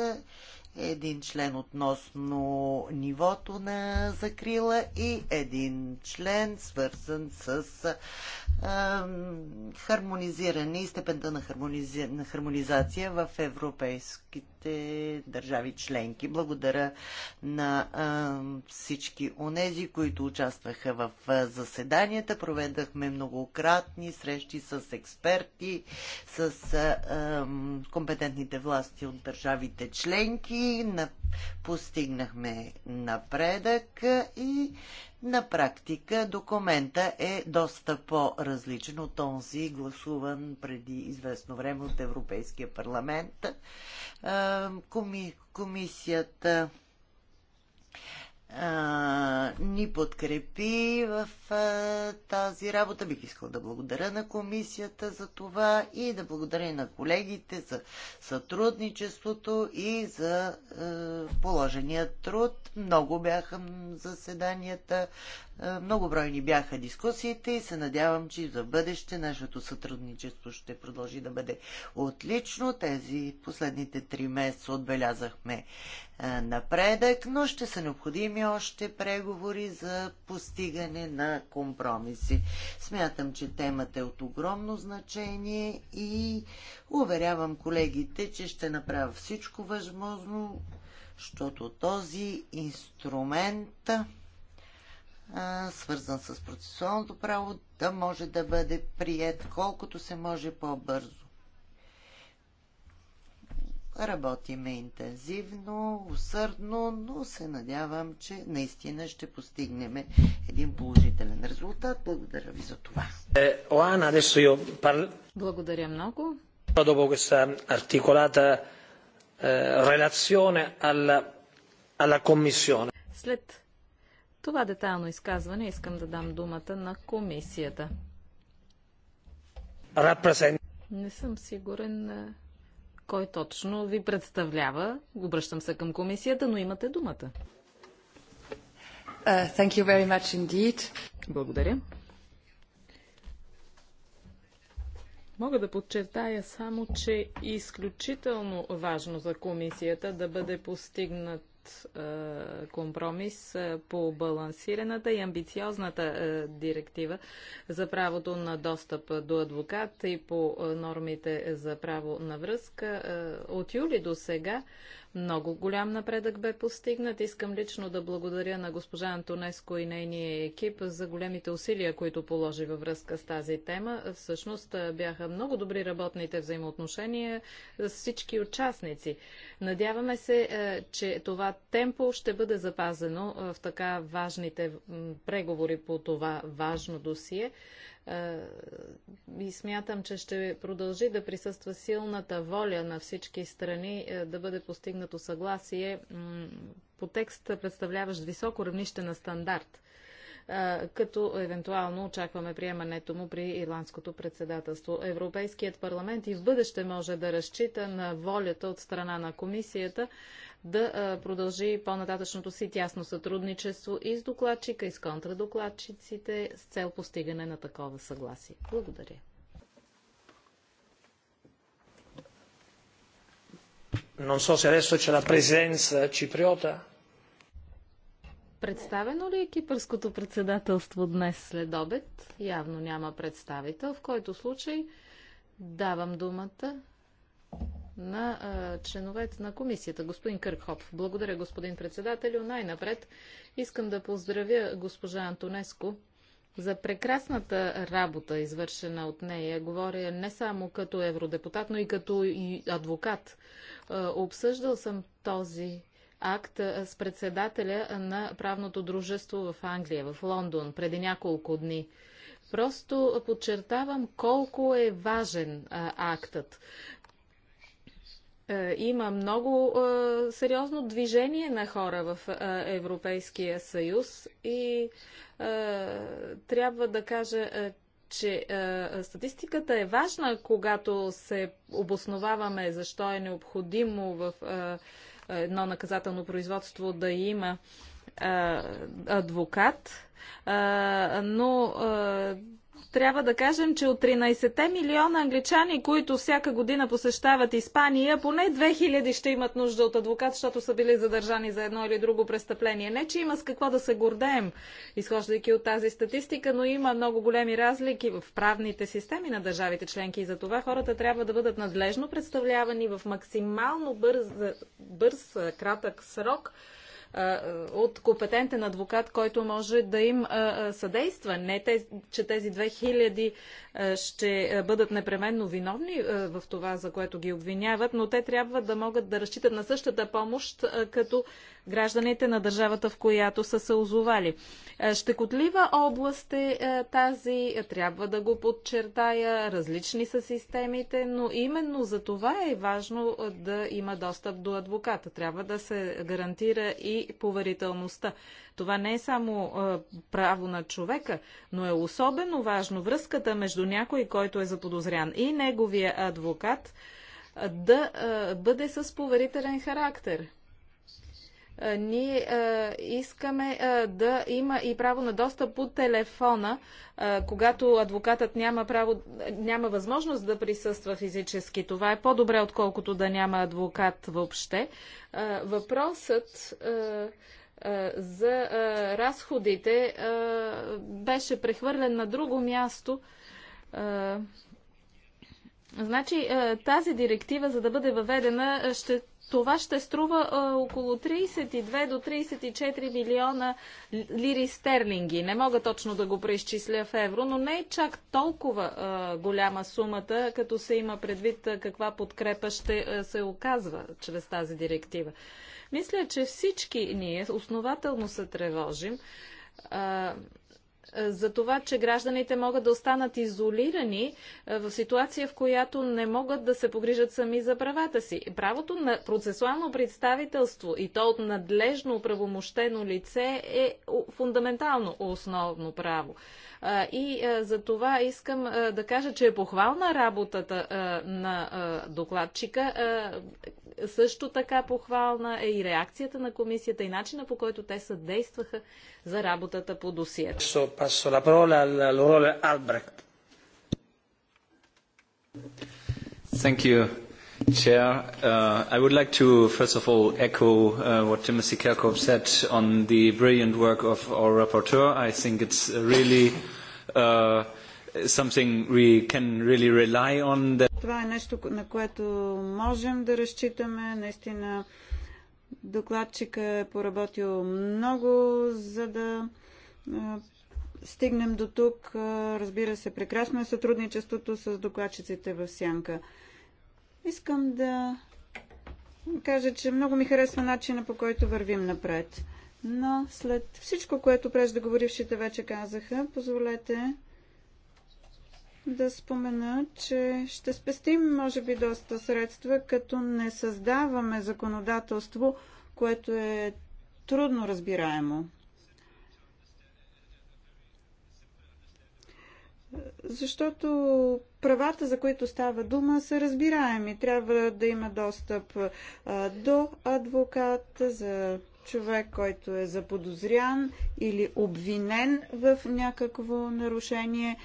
един член относно нивото на закрила и един член свързан с а, хармонизиране и степента на, хармонизи... на хармонизация в европейско европейските държави членки. Благодаря на а, всички онези, които участваха в а, заседанията. Проведахме многократни срещи с експерти, с а, а, компетентните власти от държавите членки. На Постигнахме напредък и на практика документа е доста по-различен от този, гласуван преди известно време от Европейския парламент. Комисията ни подкрепи в а, тази работа. Бих искал да благодаря на комисията за това и да благодаря на колегите за сътрудничеството и за а, положения труд. Много бяха заседанията, е, многобройни бяха дискусиите и се надявам, че за бъдеще нашето сътрудничество ще продължи да бъде отлично. Тези последните три месеца отбелязахме е, напредък, но ще са необходими още преговори за постигане на компромиси. Смятам, че темата е от огромно значение и уверявам колегите, че ще направя всичко възможно, защото този инструмент свързан с процесуалното право, да може да бъде прият колкото се може по-бързо. Работиме интензивно, усърдно, но се надявам, че наистина ще постигнем един положителен резултат. Благодаря ви за това. Е, Благодаря много. Dopo questa articolata eh, relazione alla, alla Commissione. След това детайлно изказване искам да дам думата на комисията. Represent. Не съм сигурен кой точно ви представлява. Обръщам се към комисията, но имате думата. Uh, thank you very much indeed. Благодаря. Мога да подчертая само, че е изключително важно за комисията да бъде постигнат е, компромис е, по балансираната и амбициозната е, директива за правото на достъп до адвокат и по е, нормите за право на връзка. Е, от юли до сега много голям напредък бе постигнат. Искам лично да благодаря на госпожа Антонеско и нейния екип за големите усилия, които положи във връзка с тази тема. Всъщност бяха много добри работните взаимоотношения с всички участници. Надяваме се, че това темпо ще бъде запазено в така важните преговори по това важно досие. Е, и смятам, че ще продължи да присъства силната воля на всички страни е, да бъде постигнато съгласие по текст, представляващ високо равнище на стандарт е, като евентуално очакваме приемането му при ирландското председателство. Европейският парламент и в бъдеще може да разчита на волята от страна на комисията да продължи по-нататъчното си тясно сътрудничество и с докладчика, и с контрадокладчиците с цел постигане на такова съгласие. Благодаря. Non so se adesso c'è la presenza cipriota. Представено ли е кипърското председателство днес след обед? Явно няма представител, в който случай давам думата на а, членовете на комисията. Господин Кърхоп, благодаря господин председателю. Най-напред искам да поздравя госпожа Антонеско за прекрасната работа, извършена от нея. Говоря не само като евродепутат, но и като и адвокат. Обсъждал съм този акт с председателя на правното дружество в Англия, в Лондон, преди няколко дни. Просто подчертавам колко е важен а, актът. Е, има много е, сериозно движение на хора в е, Европейския съюз и трябва да кажа, че статистиката е важна, когато се обосноваваме защо е необходимо в едно наказателно производство да има адвокат, но трябва да кажем, че от 13 милиона англичани, които всяка година посещават Испания, поне 2000 ще имат нужда от адвокат, защото са били задържани за едно или друго престъпление. Не, че има с какво да се гордеем, изхождайки от тази статистика, но има много големи разлики в правните системи на държавите членки и за това хората трябва да бъдат надлежно представлявани в максимално бърз, бърз кратък срок от компетентен адвокат, който може да им съдейства. Не, че тези 2000 ще бъдат непременно виновни в това, за което ги обвиняват, но те трябва да могат да разчитат на същата помощ, като гражданите на държавата, в която са се озовали. Е, щекотлива област е, е тази, трябва да го подчертая, различни са системите, но именно за това е важно е, да има достъп до адвоката. Трябва да се гарантира и поверителността. Това не е само право на човека, но е особено важно връзката между някой, който е заподозрян и неговия адвокат, да бъде с поверителен характер. Е, ние е, искаме е, да има и право на достъп по телефона, когато адвокатът няма, право, няма възможност да присъства физически. Това е по-добре, отколкото да няма адвокат въобще. Въпросът за разходите беше прехвърлен на друго място. Значи тази директива, за да бъде въведена, ще това ще струва а, около 32 до 34 милиона лири стерлинги. Не мога точно да го преизчисля в евро, но не е чак толкова а, голяма сумата, като се има предвид а, каква подкрепа ще се оказва чрез тази директива. Мисля, че всички ние основателно се тревожим за това, че гражданите могат да останат изолирани е, в ситуация, в която не могат да се погрижат сами за правата си. Правото на процесуално представителство и то от надлежно правомощено лице е фундаментално основно право. И за това искам да кажа, че е похвална работата на докладчика. Също така похвална е и реакцията на комисията и начина по който те съдействаха за работата по досието. Thank you. Chair, uh, I would like to first of all echo uh, what Timothy Kirkhope said on the brilliant work of our rapporteur. I think it's really uh, something we can really rely on. That... Това е нещо, на което можем да разчитаме. Наистина докладчика е поработил много, за да стигнем до тук. Разбира се, прекрасно е сътрудничеството с докладчиците в Сянка. Искам да кажа, че много ми харесва начина по който вървим напред. Но след всичко, което преждеговорившите вече казаха, позволете да спомена, че ще спестим, може би, доста средства, като не създаваме законодателство, което е трудно разбираемо. защото правата, за които става дума, са разбираеми. Трябва да има достъп до адвокат за човек, който е заподозрян или обвинен в някакво нарушение.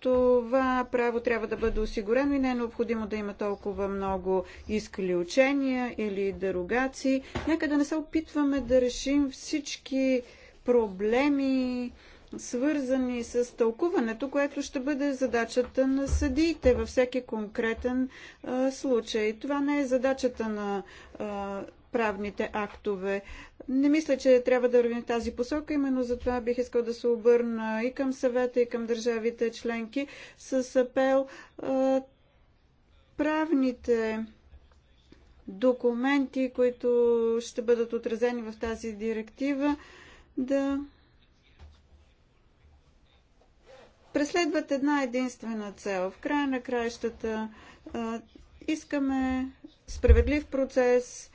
Това право трябва да бъде осигурено и не е необходимо да има толкова много изключения или дерогации. Нека да не се опитваме да решим всички проблеми, свързани с тълкуването, което ще бъде задачата на съдиите във всеки конкретен а, случай. Това не е задачата на а, правните актове. Не мисля, че трябва да вървим тази посока. Именно за това бих искал да се обърна и към съвета, и към държавите членки с апел а, правните документи, които ще бъдат отразени в тази директива, да преследват една единствена цел. В края на краищата искаме справедлив процес,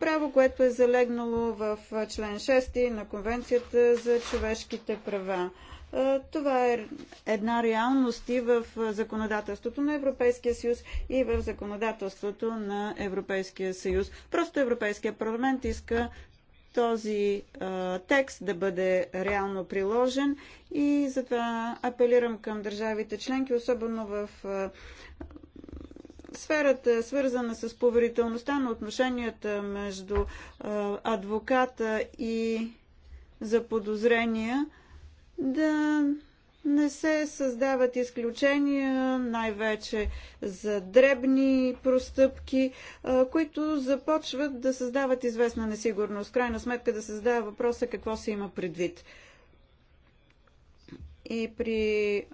право, което е залегнало в член 6 на Конвенцията за човешките права. Това е една реалност и в законодателството на Европейския съюз и в законодателството на Европейския съюз. Просто Европейския парламент иска този а, текст да бъде реално приложен и затова апелирам към държавите членки, особено в а, сферата, свързана с поверителността на отношенията между а, адвоката и заподозрения, да не се създават изключения, най-вече за дребни простъпки, които започват да създават известна несигурност. Крайна сметка да се задава въпроса какво се има предвид. И при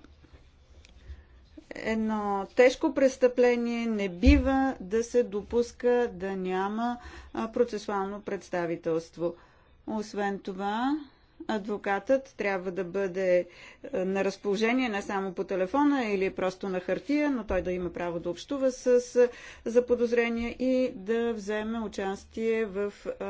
едно тежко престъпление не бива да се допуска да няма процесуално представителство. Освен това, адвокатът трябва да бъде е, на разположение не само по телефона или просто на хартия, но той да има право да общува с е, заподозрение и да вземе участие в е,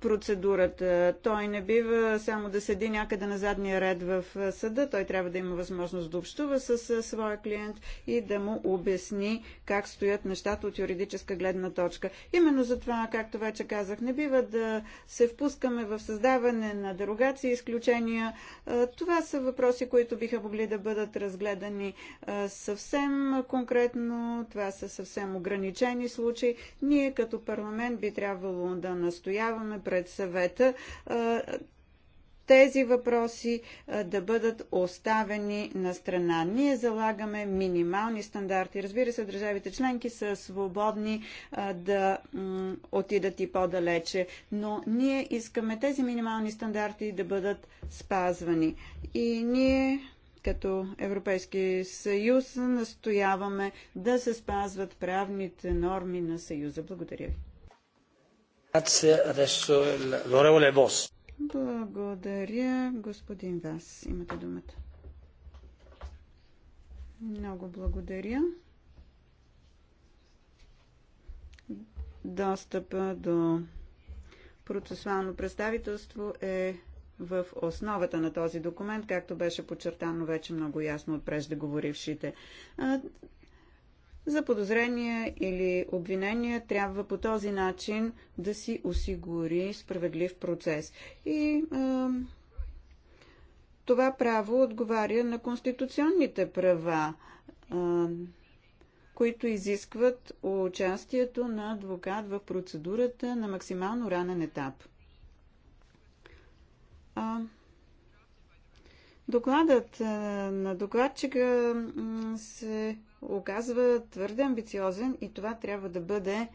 процедурата. Той не бива само да седи някъде на задния ред в съда. Той трябва да има възможност да общува с своя клиент и да му обясни как стоят нещата от юридическа гледна точка. Именно за това, както вече казах, не бива да се впускаме в създаване на дерогации и изключения. Това са въпроси, които биха могли да бъдат разгледани съвсем конкретно. Това са съвсем ограничени случаи. Ние като парламент би трябвало да настояваме настояваме пред съвета тези въпроси да бъдат оставени на страна. Ние залагаме минимални стандарти. Разбира се, държавите членки са свободни да отидат и по-далече, но ние искаме тези минимални стандарти да бъдат спазвани. И ние като Европейски съюз настояваме да се спазват правните норми на съюза. Благодаря ви. Благодаря, господин Вас. Имате думата. Много благодаря. Достъпа до процесуално представителство е в основата на този документ, както беше подчертано вече много ясно от преждеговорившите за подозрения или обвинения трябва по този начин да си осигури справедлив процес. И а, това право отговаря на конституционните права, а, които изискват участието на адвокат в процедурата на максимално ранен етап. А, докладът на докладчика се оказва твърде амбициозен и това трябва да бъде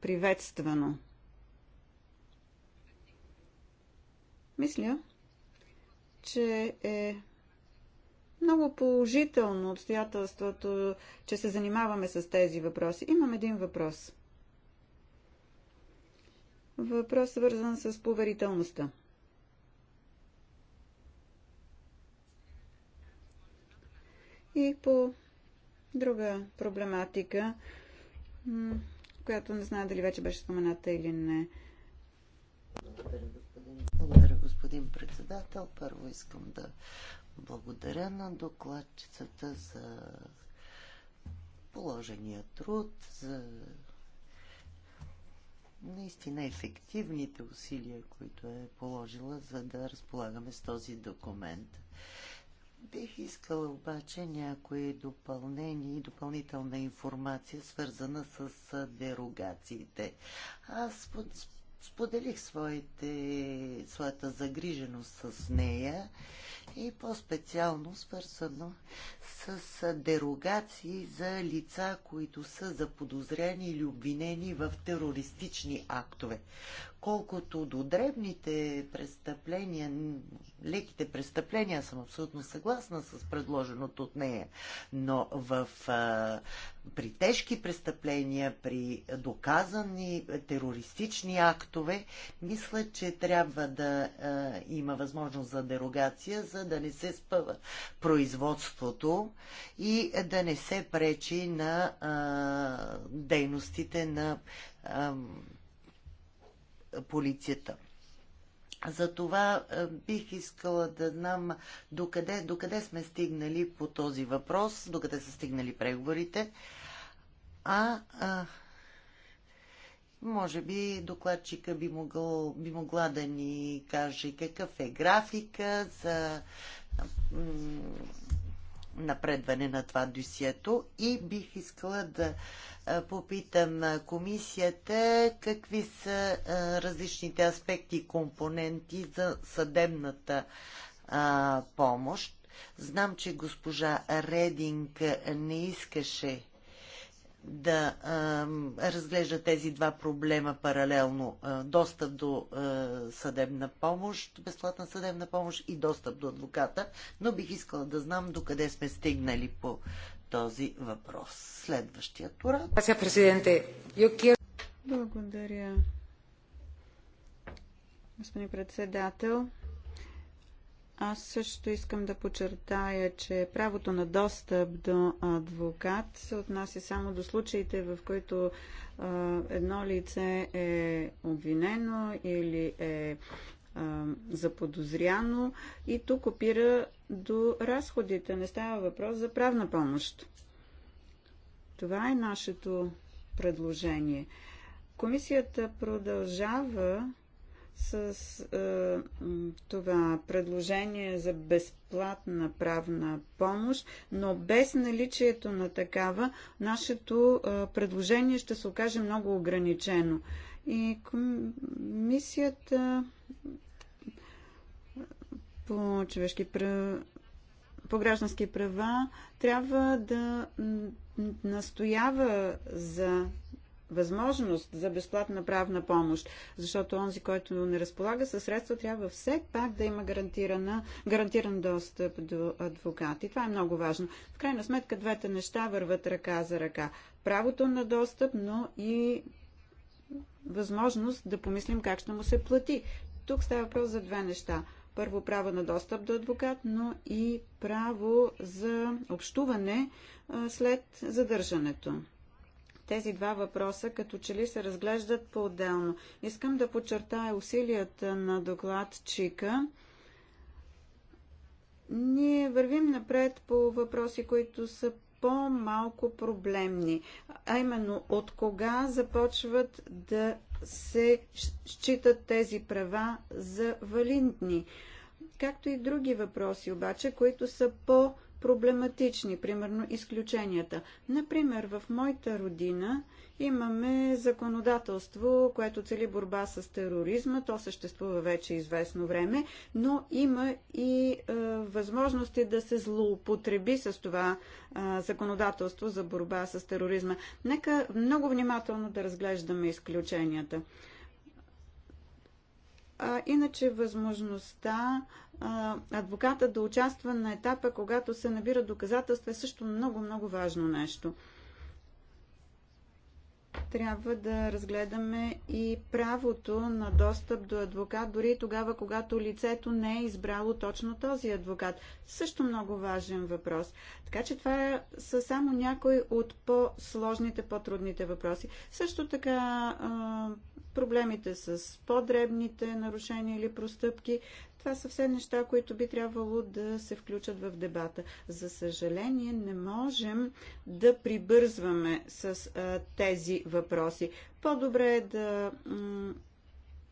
приветствано. Мисля, че е много положително обстоятелството, че се занимаваме с тези въпроси. Имам един въпрос. Въпрос свързан с поверителността. И по Друга проблематика, която не знае дали вече беше спомената или не. Благодаря, господин. Благодаря, господин председател. Първо искам да благодаря на докладчицата за положения труд, за наистина ефективните усилия, които е положила, за да разполагаме с този документ. Бих искала обаче някои допълнения и допълнителна информация, свързана с дерогациите. Аз споделих своите, своята загриженост с нея и по-специално свързано с дерогации за лица, които са заподозрени или обвинени в терористични актове. Колкото до дребните престъпления, леките престъпления, съм абсолютно съгласна с предложеното от нея, но в, а, при тежки престъпления, при доказани терористични актове, мисля, че трябва да а, има възможност за дерогация, за да не се спъва производството и да не се пречи на а, дейностите на полицията. За това е, бих искала да знам докъде, докъде сме стигнали по този въпрос, докъде са стигнали преговорите. А, а може би докладчика би, могъл, би могла да ни каже какъв е графика за напредване на това досието и бих искала да попитам комисията какви са различните аспекти и компоненти за съдебната помощ. Знам, че госпожа Рединг не искаше да разглежда тези два проблема паралелно. Достъп до съдебна помощ, безплатна съдебна помощ и достъп до адвоката, но бих искала да знам докъде сме стигнали по този въпрос. Следващия тура. Благодаря. Господин председател, аз също искам да подчертая, че правото на достъп до адвокат се отнася само до случаите, в които а, едно лице е обвинено или е заподозряно и тук опира до разходите. Не става въпрос за правна помощ. Това е нашето предложение. Комисията продължава с е, това предложение за безплатна правна помощ, но без наличието на такава, нашето е, предложение ще се окаже много ограничено. И комисията по човешки права по граждански права трябва да настоява за възможност за безплатна правна помощ, защото онзи, който не разполага със средства, трябва все пак да има гарантирана, гарантиран достъп до адвокат. И това е много важно. В крайна сметка двете неща върват ръка за ръка. Правото на достъп, но и възможност да помислим как ще му се плати. Тук става въпрос за две неща първо право на достъп до адвокат, но и право за общуване след задържането тези два въпроса като че ли се разглеждат по-отделно. Искам да подчертая усилията на доклад Чика. Ние вървим напред по въпроси, които са по-малко проблемни, а именно от кога започват да се считат тези права за валидни, както и други въпроси обаче, които са по-малко проблематични, примерно изключенията. Например, в моята родина имаме законодателство, което цели борба с тероризма. То съществува вече известно време, но има и е, възможности да се злоупотреби с това е, законодателство за борба с тероризма. Нека много внимателно да разглеждаме изключенията. Иначе възможността адвоката да участва на етапа, когато се набира доказателства е също много-много важно нещо трябва да разгледаме и правото на достъп до адвокат, дори тогава, когато лицето не е избрало точно този адвокат. Също много важен въпрос. Така че това са само някои от по-сложните, по-трудните въпроси. Също така проблемите с по-дребните нарушения или простъпки. Това са все неща, които би трябвало да се включат в дебата. За съжаление, не можем да прибързваме с а, тези въпроси. По-добре е да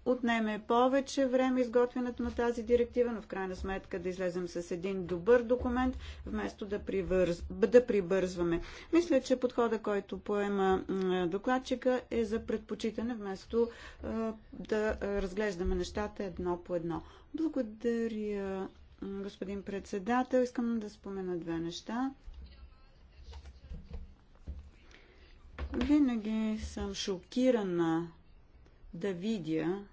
отнеме повече време изготвянето на тази директива, но в крайна сметка да излезем с един добър документ, вместо да, привърз... да прибързваме. Мисля, че подхода, който поема докладчика е за предпочитане, вместо да разглеждаме нещата едно по едно. Благодаря, господин председател. Искам да спомена две неща. Винаги съм шокирана да видя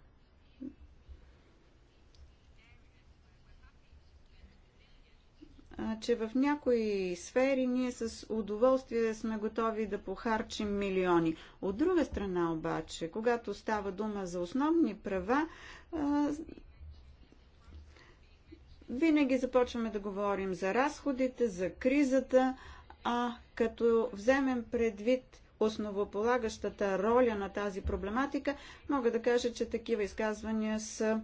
че в някои сфери ние с удоволствие сме готови да похарчим милиони. От друга страна обаче, когато става дума за основни права, винаги започваме да говорим за разходите, за кризата, а като вземем предвид основополагащата роля на тази проблематика, мога да кажа, че такива изказвания са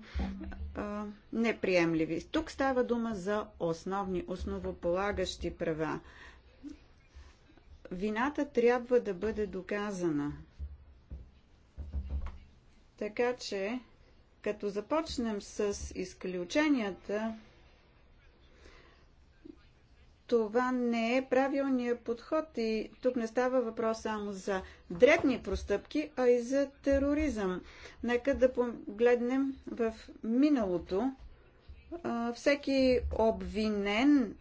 а, неприемливи. Тук става дума за основни, основополагащи права. Вината трябва да бъде доказана. Така че, като започнем с изключенията, това не е правилният подход и тук не става въпрос само за дребни простъпки, а и за тероризъм. Нека да погледнем в миналото. Всеки обвинен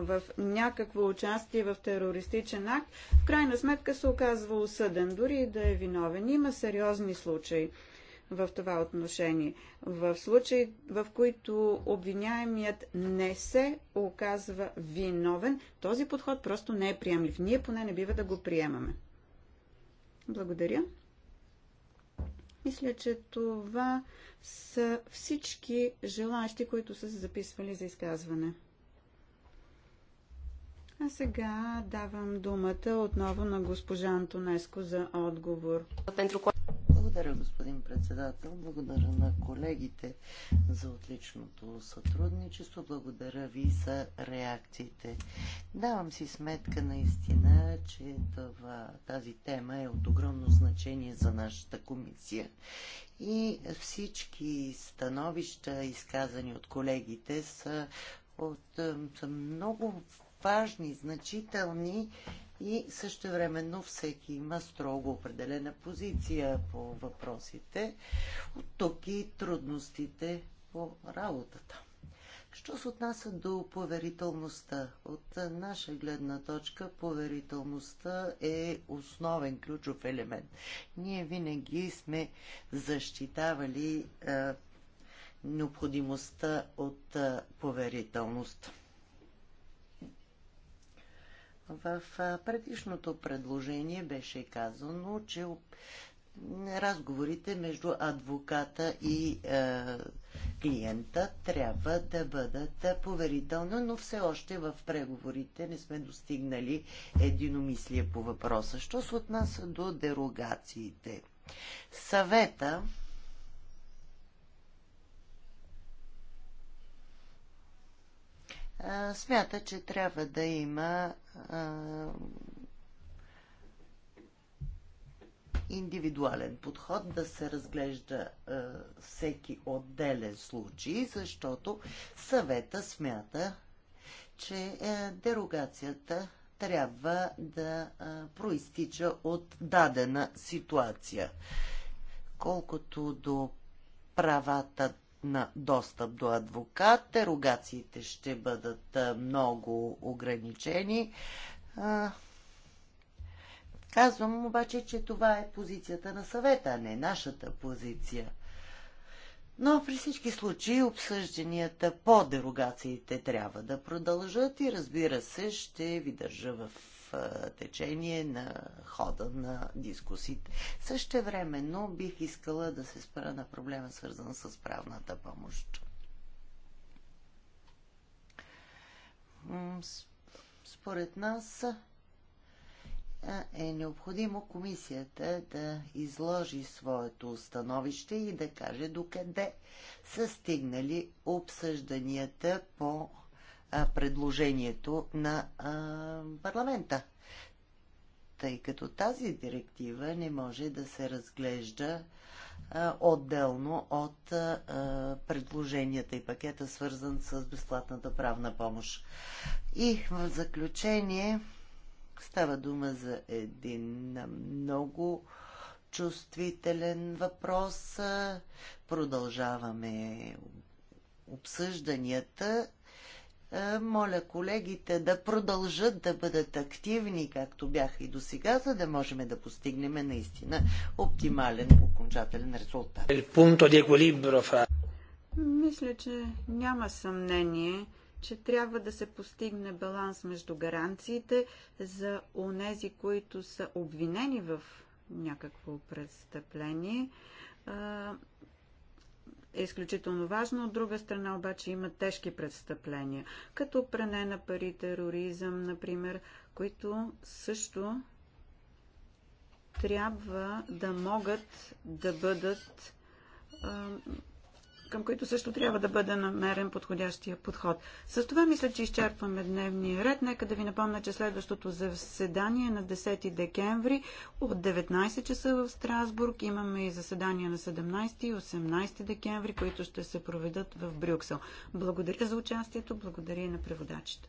в някакво участие в терористичен акт, в крайна сметка се оказва осъден, дори и да е виновен. Има сериозни случаи в това отношение. В случаи, в които обвиняемият не се оказва виновен, този подход просто не е приемлив. Ние поне не бива да го приемаме. Благодаря. Мисля, че това са всички желащи, които са се записвали за изказване. А сега давам думата отново на госпожа Антонеско за отговор. Благодаря, господин председател. Благодаря на колегите за отличното сътрудничество. Благодаря ви за реакциите. Давам си сметка наистина, че това, тази тема е от огромно значение за нашата комисия. И всички становища, изказани от колегите, са, от, са много важни, значителни и също времено всеки има строго определена позиция по въпросите. От тук и трудностите по работата. Що се отнася до поверителността? От наша гледна точка поверителността е основен ключов елемент. Ние винаги сме защитавали е, необходимостта от е, поверителността. В предишното предложение беше казано, че разговорите между адвоката и е, клиента трябва да бъдат поверителни, но все още в преговорите не сме достигнали единомислие по въпроса. Що се отнася до дерогациите? Съвета смята, че трябва да има индивидуален подход, да се разглежда всеки отделен случай, защото съвета смята, че дерогацията трябва да проистича от дадена ситуация. Колкото до правата на достъп до адвокат. Дерогациите ще бъдат много ограничени. Казвам обаче, че това е позицията на съвета, а не нашата позиция. Но при всички случаи обсъжданията по дерогациите трябва да продължат и разбира се, ще ви държа в течение на хода на дискусите. Също времено бих искала да се спра на проблема, свързан с правната помощ. Според нас е необходимо комисията да изложи своето становище и да каже докъде са стигнали обсъжданията по предложението на парламента. Тъй като тази директива не може да се разглежда отделно от предложенията и пакета, свързан с безплатната правна помощ. И в заключение става дума за един много чувствителен въпрос. Продължаваме обсъжданията е, моля колегите да продължат да бъдат активни, както бяха и до сега, за да можем да постигнем наистина оптимален окончателен резултат. Мисля, че няма съмнение, че трябва да се постигне баланс между гаранциите за онези, които са обвинени в някакво престъпление е изключително важно. От друга страна обаче има тежки престъпления, като пране на пари, тероризъм, например, които също трябва да могат да бъдат към които също трябва да бъде намерен подходящия подход. С това мисля, че изчерпваме дневния ред. Нека да ви напомня, че следващото заседание е на 10 декември от 19 часа в Страсбург. Имаме и заседания на 17 и 18 декември, които ще се проведат в Брюксел. Благодаря за участието, благодаря и на преводачите.